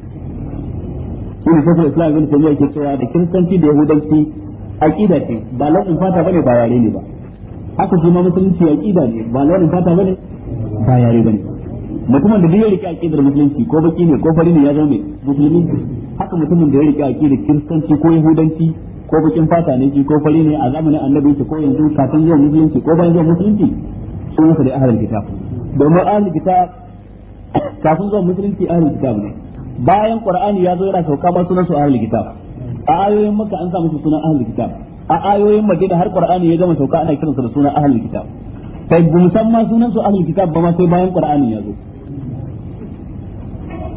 shine sai Islam ibn Taymiyyah yake cewa da kristanci da yahudanci aqida ce ba launin fata bane ba yare ne ba haka shi ma musulunci aqida ne ba launin fata bane ba yare bane mutumin da duk ya rike aqidar musulunci ko baki ne ko fari ne ya zama musulmi haka mutumin da ya rike aqidar kristanci ko yahudanci ko bakin fata ne shi ko fari ne a zamanin annabi ko yanzu kafin yau musulunci ko bayan yau musulunci sun da ahlul kitab domin ahli kitab kafin zuwa musulunci ahli kitab ne bayan qur'ani ya zo yana sauka ba sunan su ahli kitab a ayoyin maka an sa musu sunan ahli kitab a ayoyin da har qur'ani ya gama sauka ana kiransa da sunan ahlul kitab kai bu musamman sunan su ahli kitab ba ma sai bayan qur'ani ya zo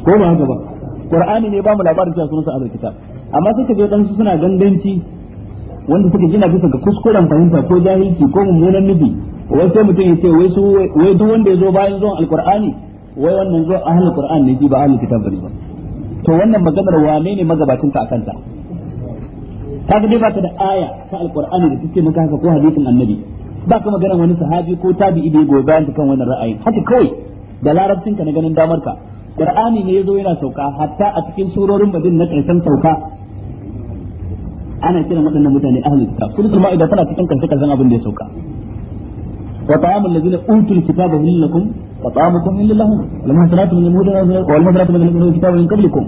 ko ba haka ba qur'ani ne ba mu labarin cewa sunan su ahli kitab amma suka je dan suna ganganci wanda suka gina bisa ga kuskuren fahimta ko jahilci ko mummunan miji wai sai mutum ya ce wai duk wanda ya zo bayan zuwan alqur'ani wai wannan zuwan ahlul qur'an ne shi ba ahlul kitab ba to wannan maganar wane ne magabacin ka kanta? ta kaga dai baka da aya ta alqur'ani da take maka haka ko hadisin annabi ba ka magana wani sahabi ko tabi'i da goyi bayan ta kan wannan ra'ayin haka kawai da larabcin ka na ganin damar ka qur'ani ne yazo yana sauka hatta a cikin surorin badin na karshen sauka ana kiran waɗannan mutane ahlul kitab kullu ma ma'ida tana cikin karshe karshen abin da ya sauka wa ta'amul ladzina utul kitaba minkum wa ta'amukum illa lahum wal muhsanatu min al-mu'minina wal muhsanatu min al-mu'minina kitaban min qablikum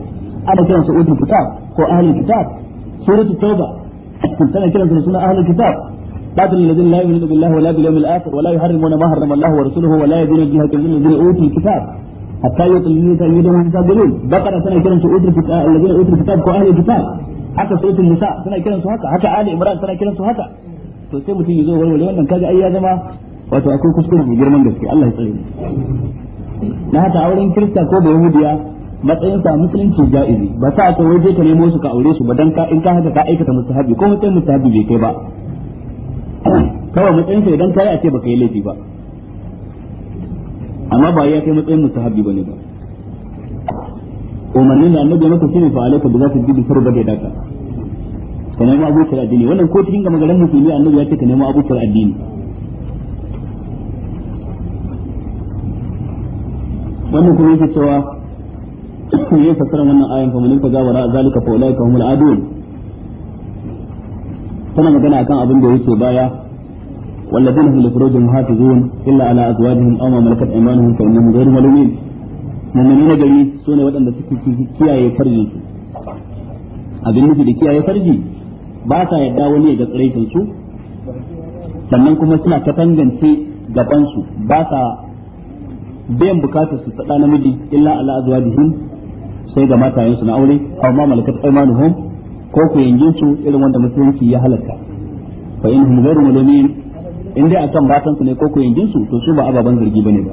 ana kiran su utul kitab ko ahlul kitab suratul tauba tana kiran su suna ahlul kitab قاتل الذين لا يؤمنون بالله ولا باليوم الاخر ولا يحرمون ما حرم الله ورسوله ولا يدين جهة من الذين اوتوا الكتاب حتى يطلبوا تأييدا وهم صادقون بقرة سنة كلمة أوتوا الكتاب الذين أوتوا الكتاب كأهل الكتاب haka sautin nisa suna kiran su haka haka ali imran suna kiran su haka to sai mutum ya zo warware wannan kaga ai ya zama wato akwai kuskure mai girman gaske Allah ya tsare mu na haka auren kirista ko da yahudiya matsayin sa musulunci jaizi ba sa ka waje ka nemo su ka aure su ba dan ka in ka haka ka aikata mustahabi ko matsayin mustahabi bai kai ba kawai matsayin sa idan kai a ce baka yi laifi ba amma ba ya kai matsayin mustahabi bane ba umarnin da annabi maka shine fa alaka bi zaka bi sarba da daka ka nemi abokar addini wannan ko cikin gama garin musulmi annabi ya ce ka nemi abokar addini wannan kuma yake cewa ku yi fasara wannan ayan fa mun kaza wara zalika fa ulai ka humul adun tana magana akan abin da yake baya والذين هم لفروجهم حافظون إلا على أزواجهم أو ما ملكت أيمانهم فإنهم غير ملومين mummuni na gari su ne waɗanda suke kiyaye farji su abin nufi da kiyaye farji ba sa yadda wani ya ga tsiraitin su sannan kuma suna ta gaban gabansu ba sa biyan bukatar su ta namiji illa ala azwajihim sai ga matayen su na aure aw ma malakat aymanuhum ko ku yangin su irin wanda musulunci ya halarta fa inhum ghayru mulamin in dai akan matan su ne ko ku yangin su to su ba ababan zargi bane ba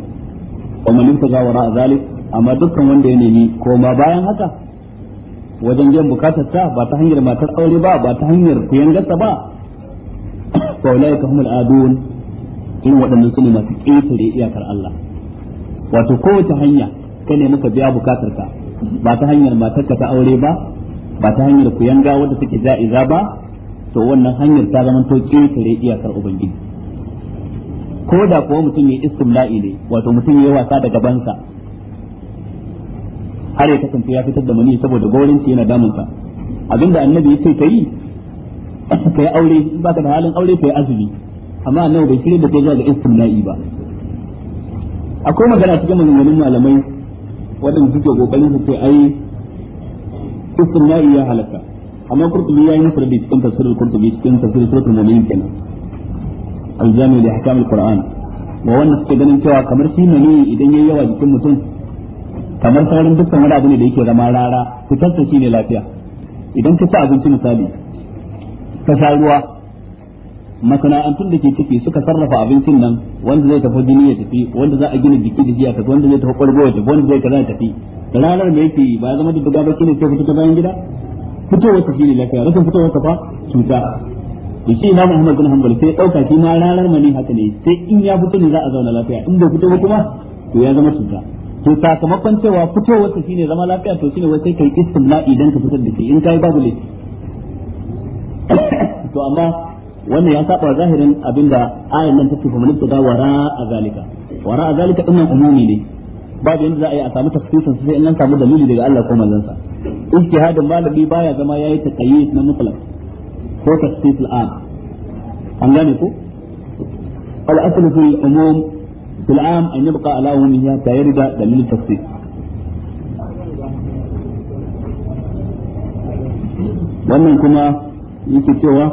wa man yanta a zalik amma dukkan wanda ya nemi koma bayan haka wajen biyan ta ba ta hanyar matar aure ba ba ta hanyar gasa ba fa wani ka humul adun in waɗannan su ne masu ƙetare iyakar Allah wato kowace hanya ka ne muka biya bukatarka ba ta hanyar matar ka ta aure ba ba ta hanyar ga wadda take za'iza ba to wannan hanyar ta zama to ƙetare iyakar ubangiji ko da kuwa mutum ya istimla'i ne wato mutum ya wasa daga bansa. har ya kasance ya fitar da mani saboda gaurinci yana damunsa abinda annabi yace kai kai aure ba ka da halin aure kai azumi amma annabi bai shirya da kai zuwa ga istimna'i ba akwai magana cikin maganganun malamai waɗanda suke kokarin su ce ai istimna'i ya halatta amma qurtubi yayi nufar da cikin tafsirul qurtubi cikin tafsir suratul mu'minin kenan aljami da ahkamul qur'an wa wannan suke ganin cewa kamar shi ne idan yayi yawa jikin mutum kamar sauran dukkan wani abu ne da yake zama rara fitarsa ne lafiya idan ka ci abinci misali ka sha ruwa masana'antun da ke ciki suka sarrafa abincin nan wanda zai tafi jini ya tafi wanda za a gina jiki da jiya tafi wanda zai tafi kwargo ya tafi wanda zai kaza ya tafi ranar da yake ba ya zama da buga baki ne sai fito ta bayan gida fitowar ta shine lafiya rashin fitowar ta fa cuta da shi na muhammad bin Hanbal sai dauka shi ma ranar mani haka ne sai in ya fito ne za a zauna lafiya in bai fito ba kuma to ya zama cuta to sakamakon cewa fitowar ta shine zama lafiya to shine wai sai kai istimla'i idan ka fitar da shi in kai babu laifi [coughs] to amma wannan ya saba zahirin abinda ayan nan take kuma nake da wara a zalika wara a zalika din nan umumi ne babu yanda za a yi a samu tafsirin sai in an samu dalili daga Allah ko manzon sa ijtihadin malami baya zama yayi taqayyid na mutlaq ko tafsir al-am an gane ko al-aslu fil umum في العام أن يبقى على عمومه حتى يرد دليل التخصيص wannan kuma yake cewa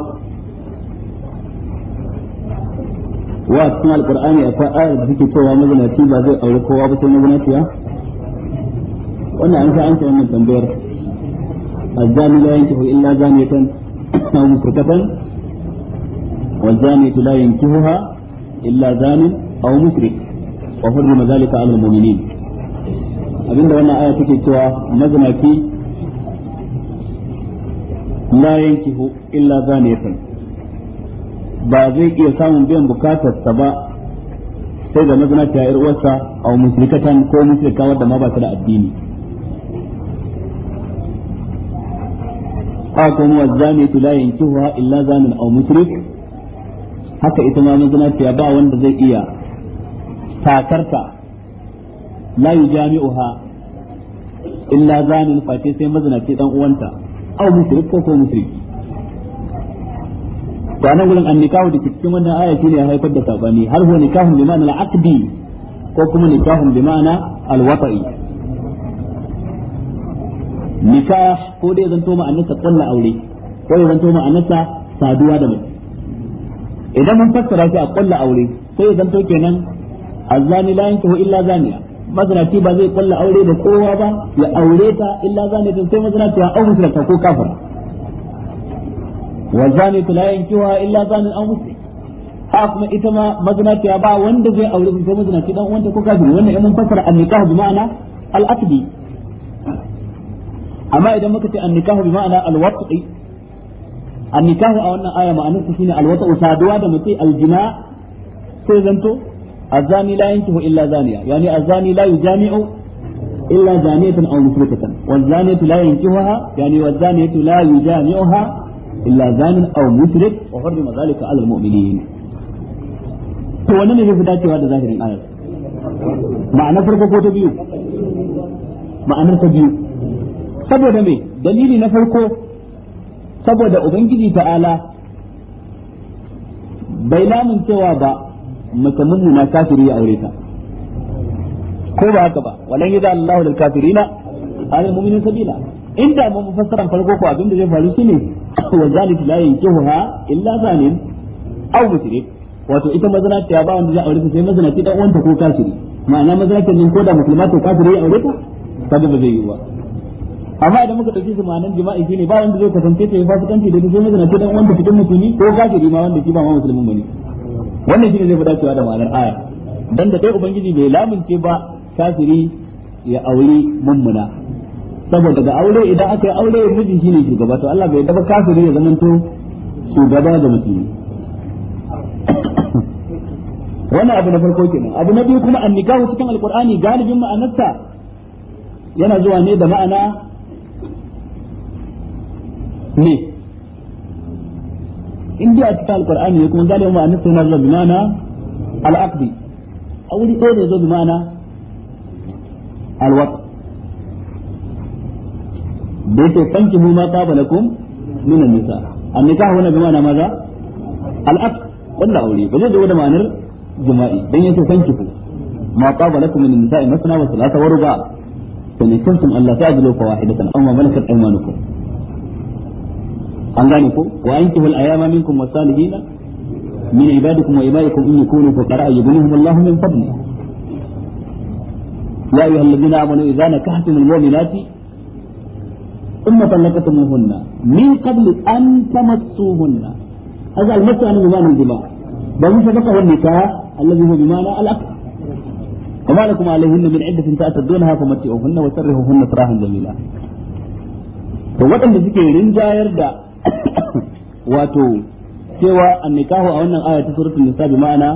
wa cikin alkur'ani akwai ayar da suke cewa mazinaci ba zai aure kowa ba sai mazinaciya wannan an sha an wannan tambayar الزاني لا ينكح إلا زانية أو مشركة والزانية لا ينكحها إلا زان أو مشرك wa hurrima zalika alal mu'minin abinda wannan aya take cewa mazmaki la hu illa zaniyatan ba zai iya samun biyan bukatarsa ba sai da mazinaciya yar uwarsa aw musrikatan ko musrika wadda ma ba ta da addini a kuma wazani tu la yankihuha illa zanin aw musrik haka ita ma mazinaciya ba wanda zai iya kakarta la yujami'uha illa zanin face sai mazinaci dan uwanta aw mushrik ko ko mushriki to anan gurin nikahu da cikin wannan aya shi ne haifar da sabani har huwa nikahun bi ma'ana al'aqdi ko kuma nikahun bi ma'ana al-wata'i nikah ko dai zanto ma'anarsa kulla aure ko ya zanto ma'anarsa saduwa da mutum idan mun fassara shi a kulla aure sai zanto kenan azzani la yankahu illa zaniya mazinaci ba zai kulla aure da kowa ba ya aure illa zaniya sai mazinaci ya aure ta ko kafara wa zaniyatu la yankahu illa zanin aw muslim a kuma ita ma mazinaciya ba wanda zai aure sai mazinaci dan uwanta ko kafiri wannan in mun fassara an-nikahu bi al-aqdi amma idan muka ce an-nikahu bi al a wannan aya ma'anar sa shine al da mace al-jima' الزاني لا ينكح إلا زانية يعني الزاني لا يجامع إلا زانية أو مشركة والزانية لا ينكحها يعني والزانية لا يجامعها إلا زان أو مشرك وحرم ذلك على المؤمنين to wannan ne zai fi dacewa da zahirin ayar ma'anar farko ko ta biyu ma'anar ta biyu saboda me dalili na farko saboda ubangiji ta'ala bai lamun cewa ba mace mummuna kafiri ya aure ta ko ba haka ba walan yaza Allahu lil kafirina alal mu'minin sabila inda mu mufassaran farko ko abin da zai faru shine wa zalika la yankihuha illa zanin aw mushrik wato ita mazana ta ba wanda zai aure ta sai mazana ta dan ko kafiri ma'ana mazana ta ko da musulma to kafiri ya aure ta kada ba zai yi ba amma idan muka dauki su ma'anan jima'i shine ba wanda zai kasance ta yi fasikanci da sai mazana ta dan uwanta fitin musulmi ko kafiri ma wanda shi ba ma musulmi bane wannan shine zai fi dacewa da ma'anar aya dan da dai ubangiji bai lamunce ba kafiri ya aure mummuna saboda ga aure idan aka yi aure miji shine shugaba to Allah bai daba kafiri ya zamanto shugaba da musulmi wannan abu na farko kenan abu na biyu kuma annikahu cikin alqur'ani galibin ma'anarsa yana zuwa ne da ma'ana ne in dai a cikin alqur'ani ne kuma yi ma'anar sai na zuwa al a wuri ɗaya da zo bi al-waqt mu ma qaba lakum min an-nisa an-nikah wannan bi maza al-aqd wannan aure ba zai zo wani ma'anar jima'i dan yake fanki ku ما طاب لكم من النساء مثنى وثلاثة ورباع فإن كنتم ألا تعدلوا فواحدة أو ما ملكت أيمانكم an gane ko wa ankihul ayama minkum wasalihin min ibadikum wa imaikum in kunu fuqara yughnihim Allahu min fadli ya ayuha alladhina amanu idha nakahtumul ثم طلقتموهن من قبل ان تمسوهن هذا المس عن ايمان الجماع بل مش فبقى النساء الذي هو بمعنى الاكثر وما لكم عليهن من عده تاتت دونها فمتعوهن وسرهوهن سراحا جميلا فوطن بذكر جاير يردأ [coughs] wato cewa annikahu a wannan aya suratul nisa bi ma'ana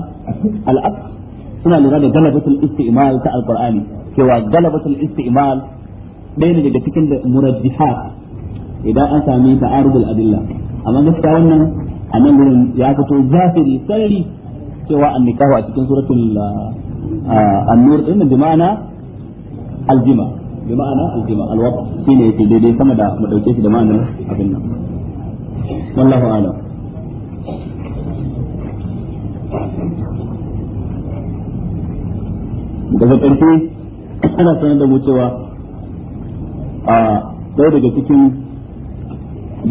al-aqd suna lura da galabatul isti'mal ta Al-Qur'ani cewa galabatul isti'mal dai ne daga cikin da murajjihat idan an sami ta'arudul adilla amma gaskiya wannan a nan gurin ya fito zafiri sarari cewa annikahu a cikin suratul ah, ah, an-nur din bi ma'ana al-jima bi ma'ana al-jima al-waqt shine yake daidai sama da mu dauke shi da ma'anar abin nan والله أعلم daga ƙarfi ana sanar da mu cewa a ɗaya daga cikin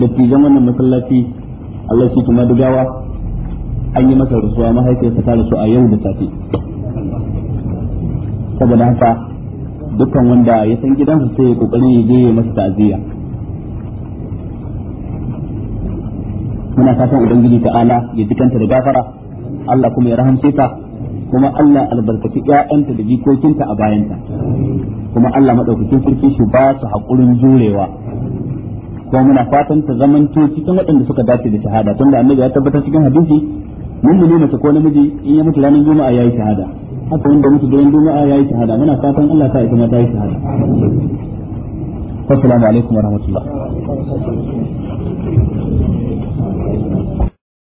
dattijan wannan masallaci Allah shi kuma dugawa an yi masa rasuwa mahaifiyarsa ta rusu a yau da safe saboda haka dukkan wanda ya san gidansa sai ya kokari ya je masa ta'aziyya muna fatan ubangiji ala ya jikanta da gafara Allah kuma ya rahamce ta kuma Allah albarkaci ƴaƴanta da jikokinta a bayanta kuma Allah madaukakin sarki shi ba su hakurin jurewa kuma muna fatan ta zamanto cikin waɗanda suka dace da shahada tunda annabi ya tabbatar cikin hadisi mun mu mace ko namiji in ya mutu ranar juma'a yayi shahada haka wanda mutu da juma'a yayi shahada muna fatan Allah ta ita ma ta yi shahada assalamu alaikum warahmatullahi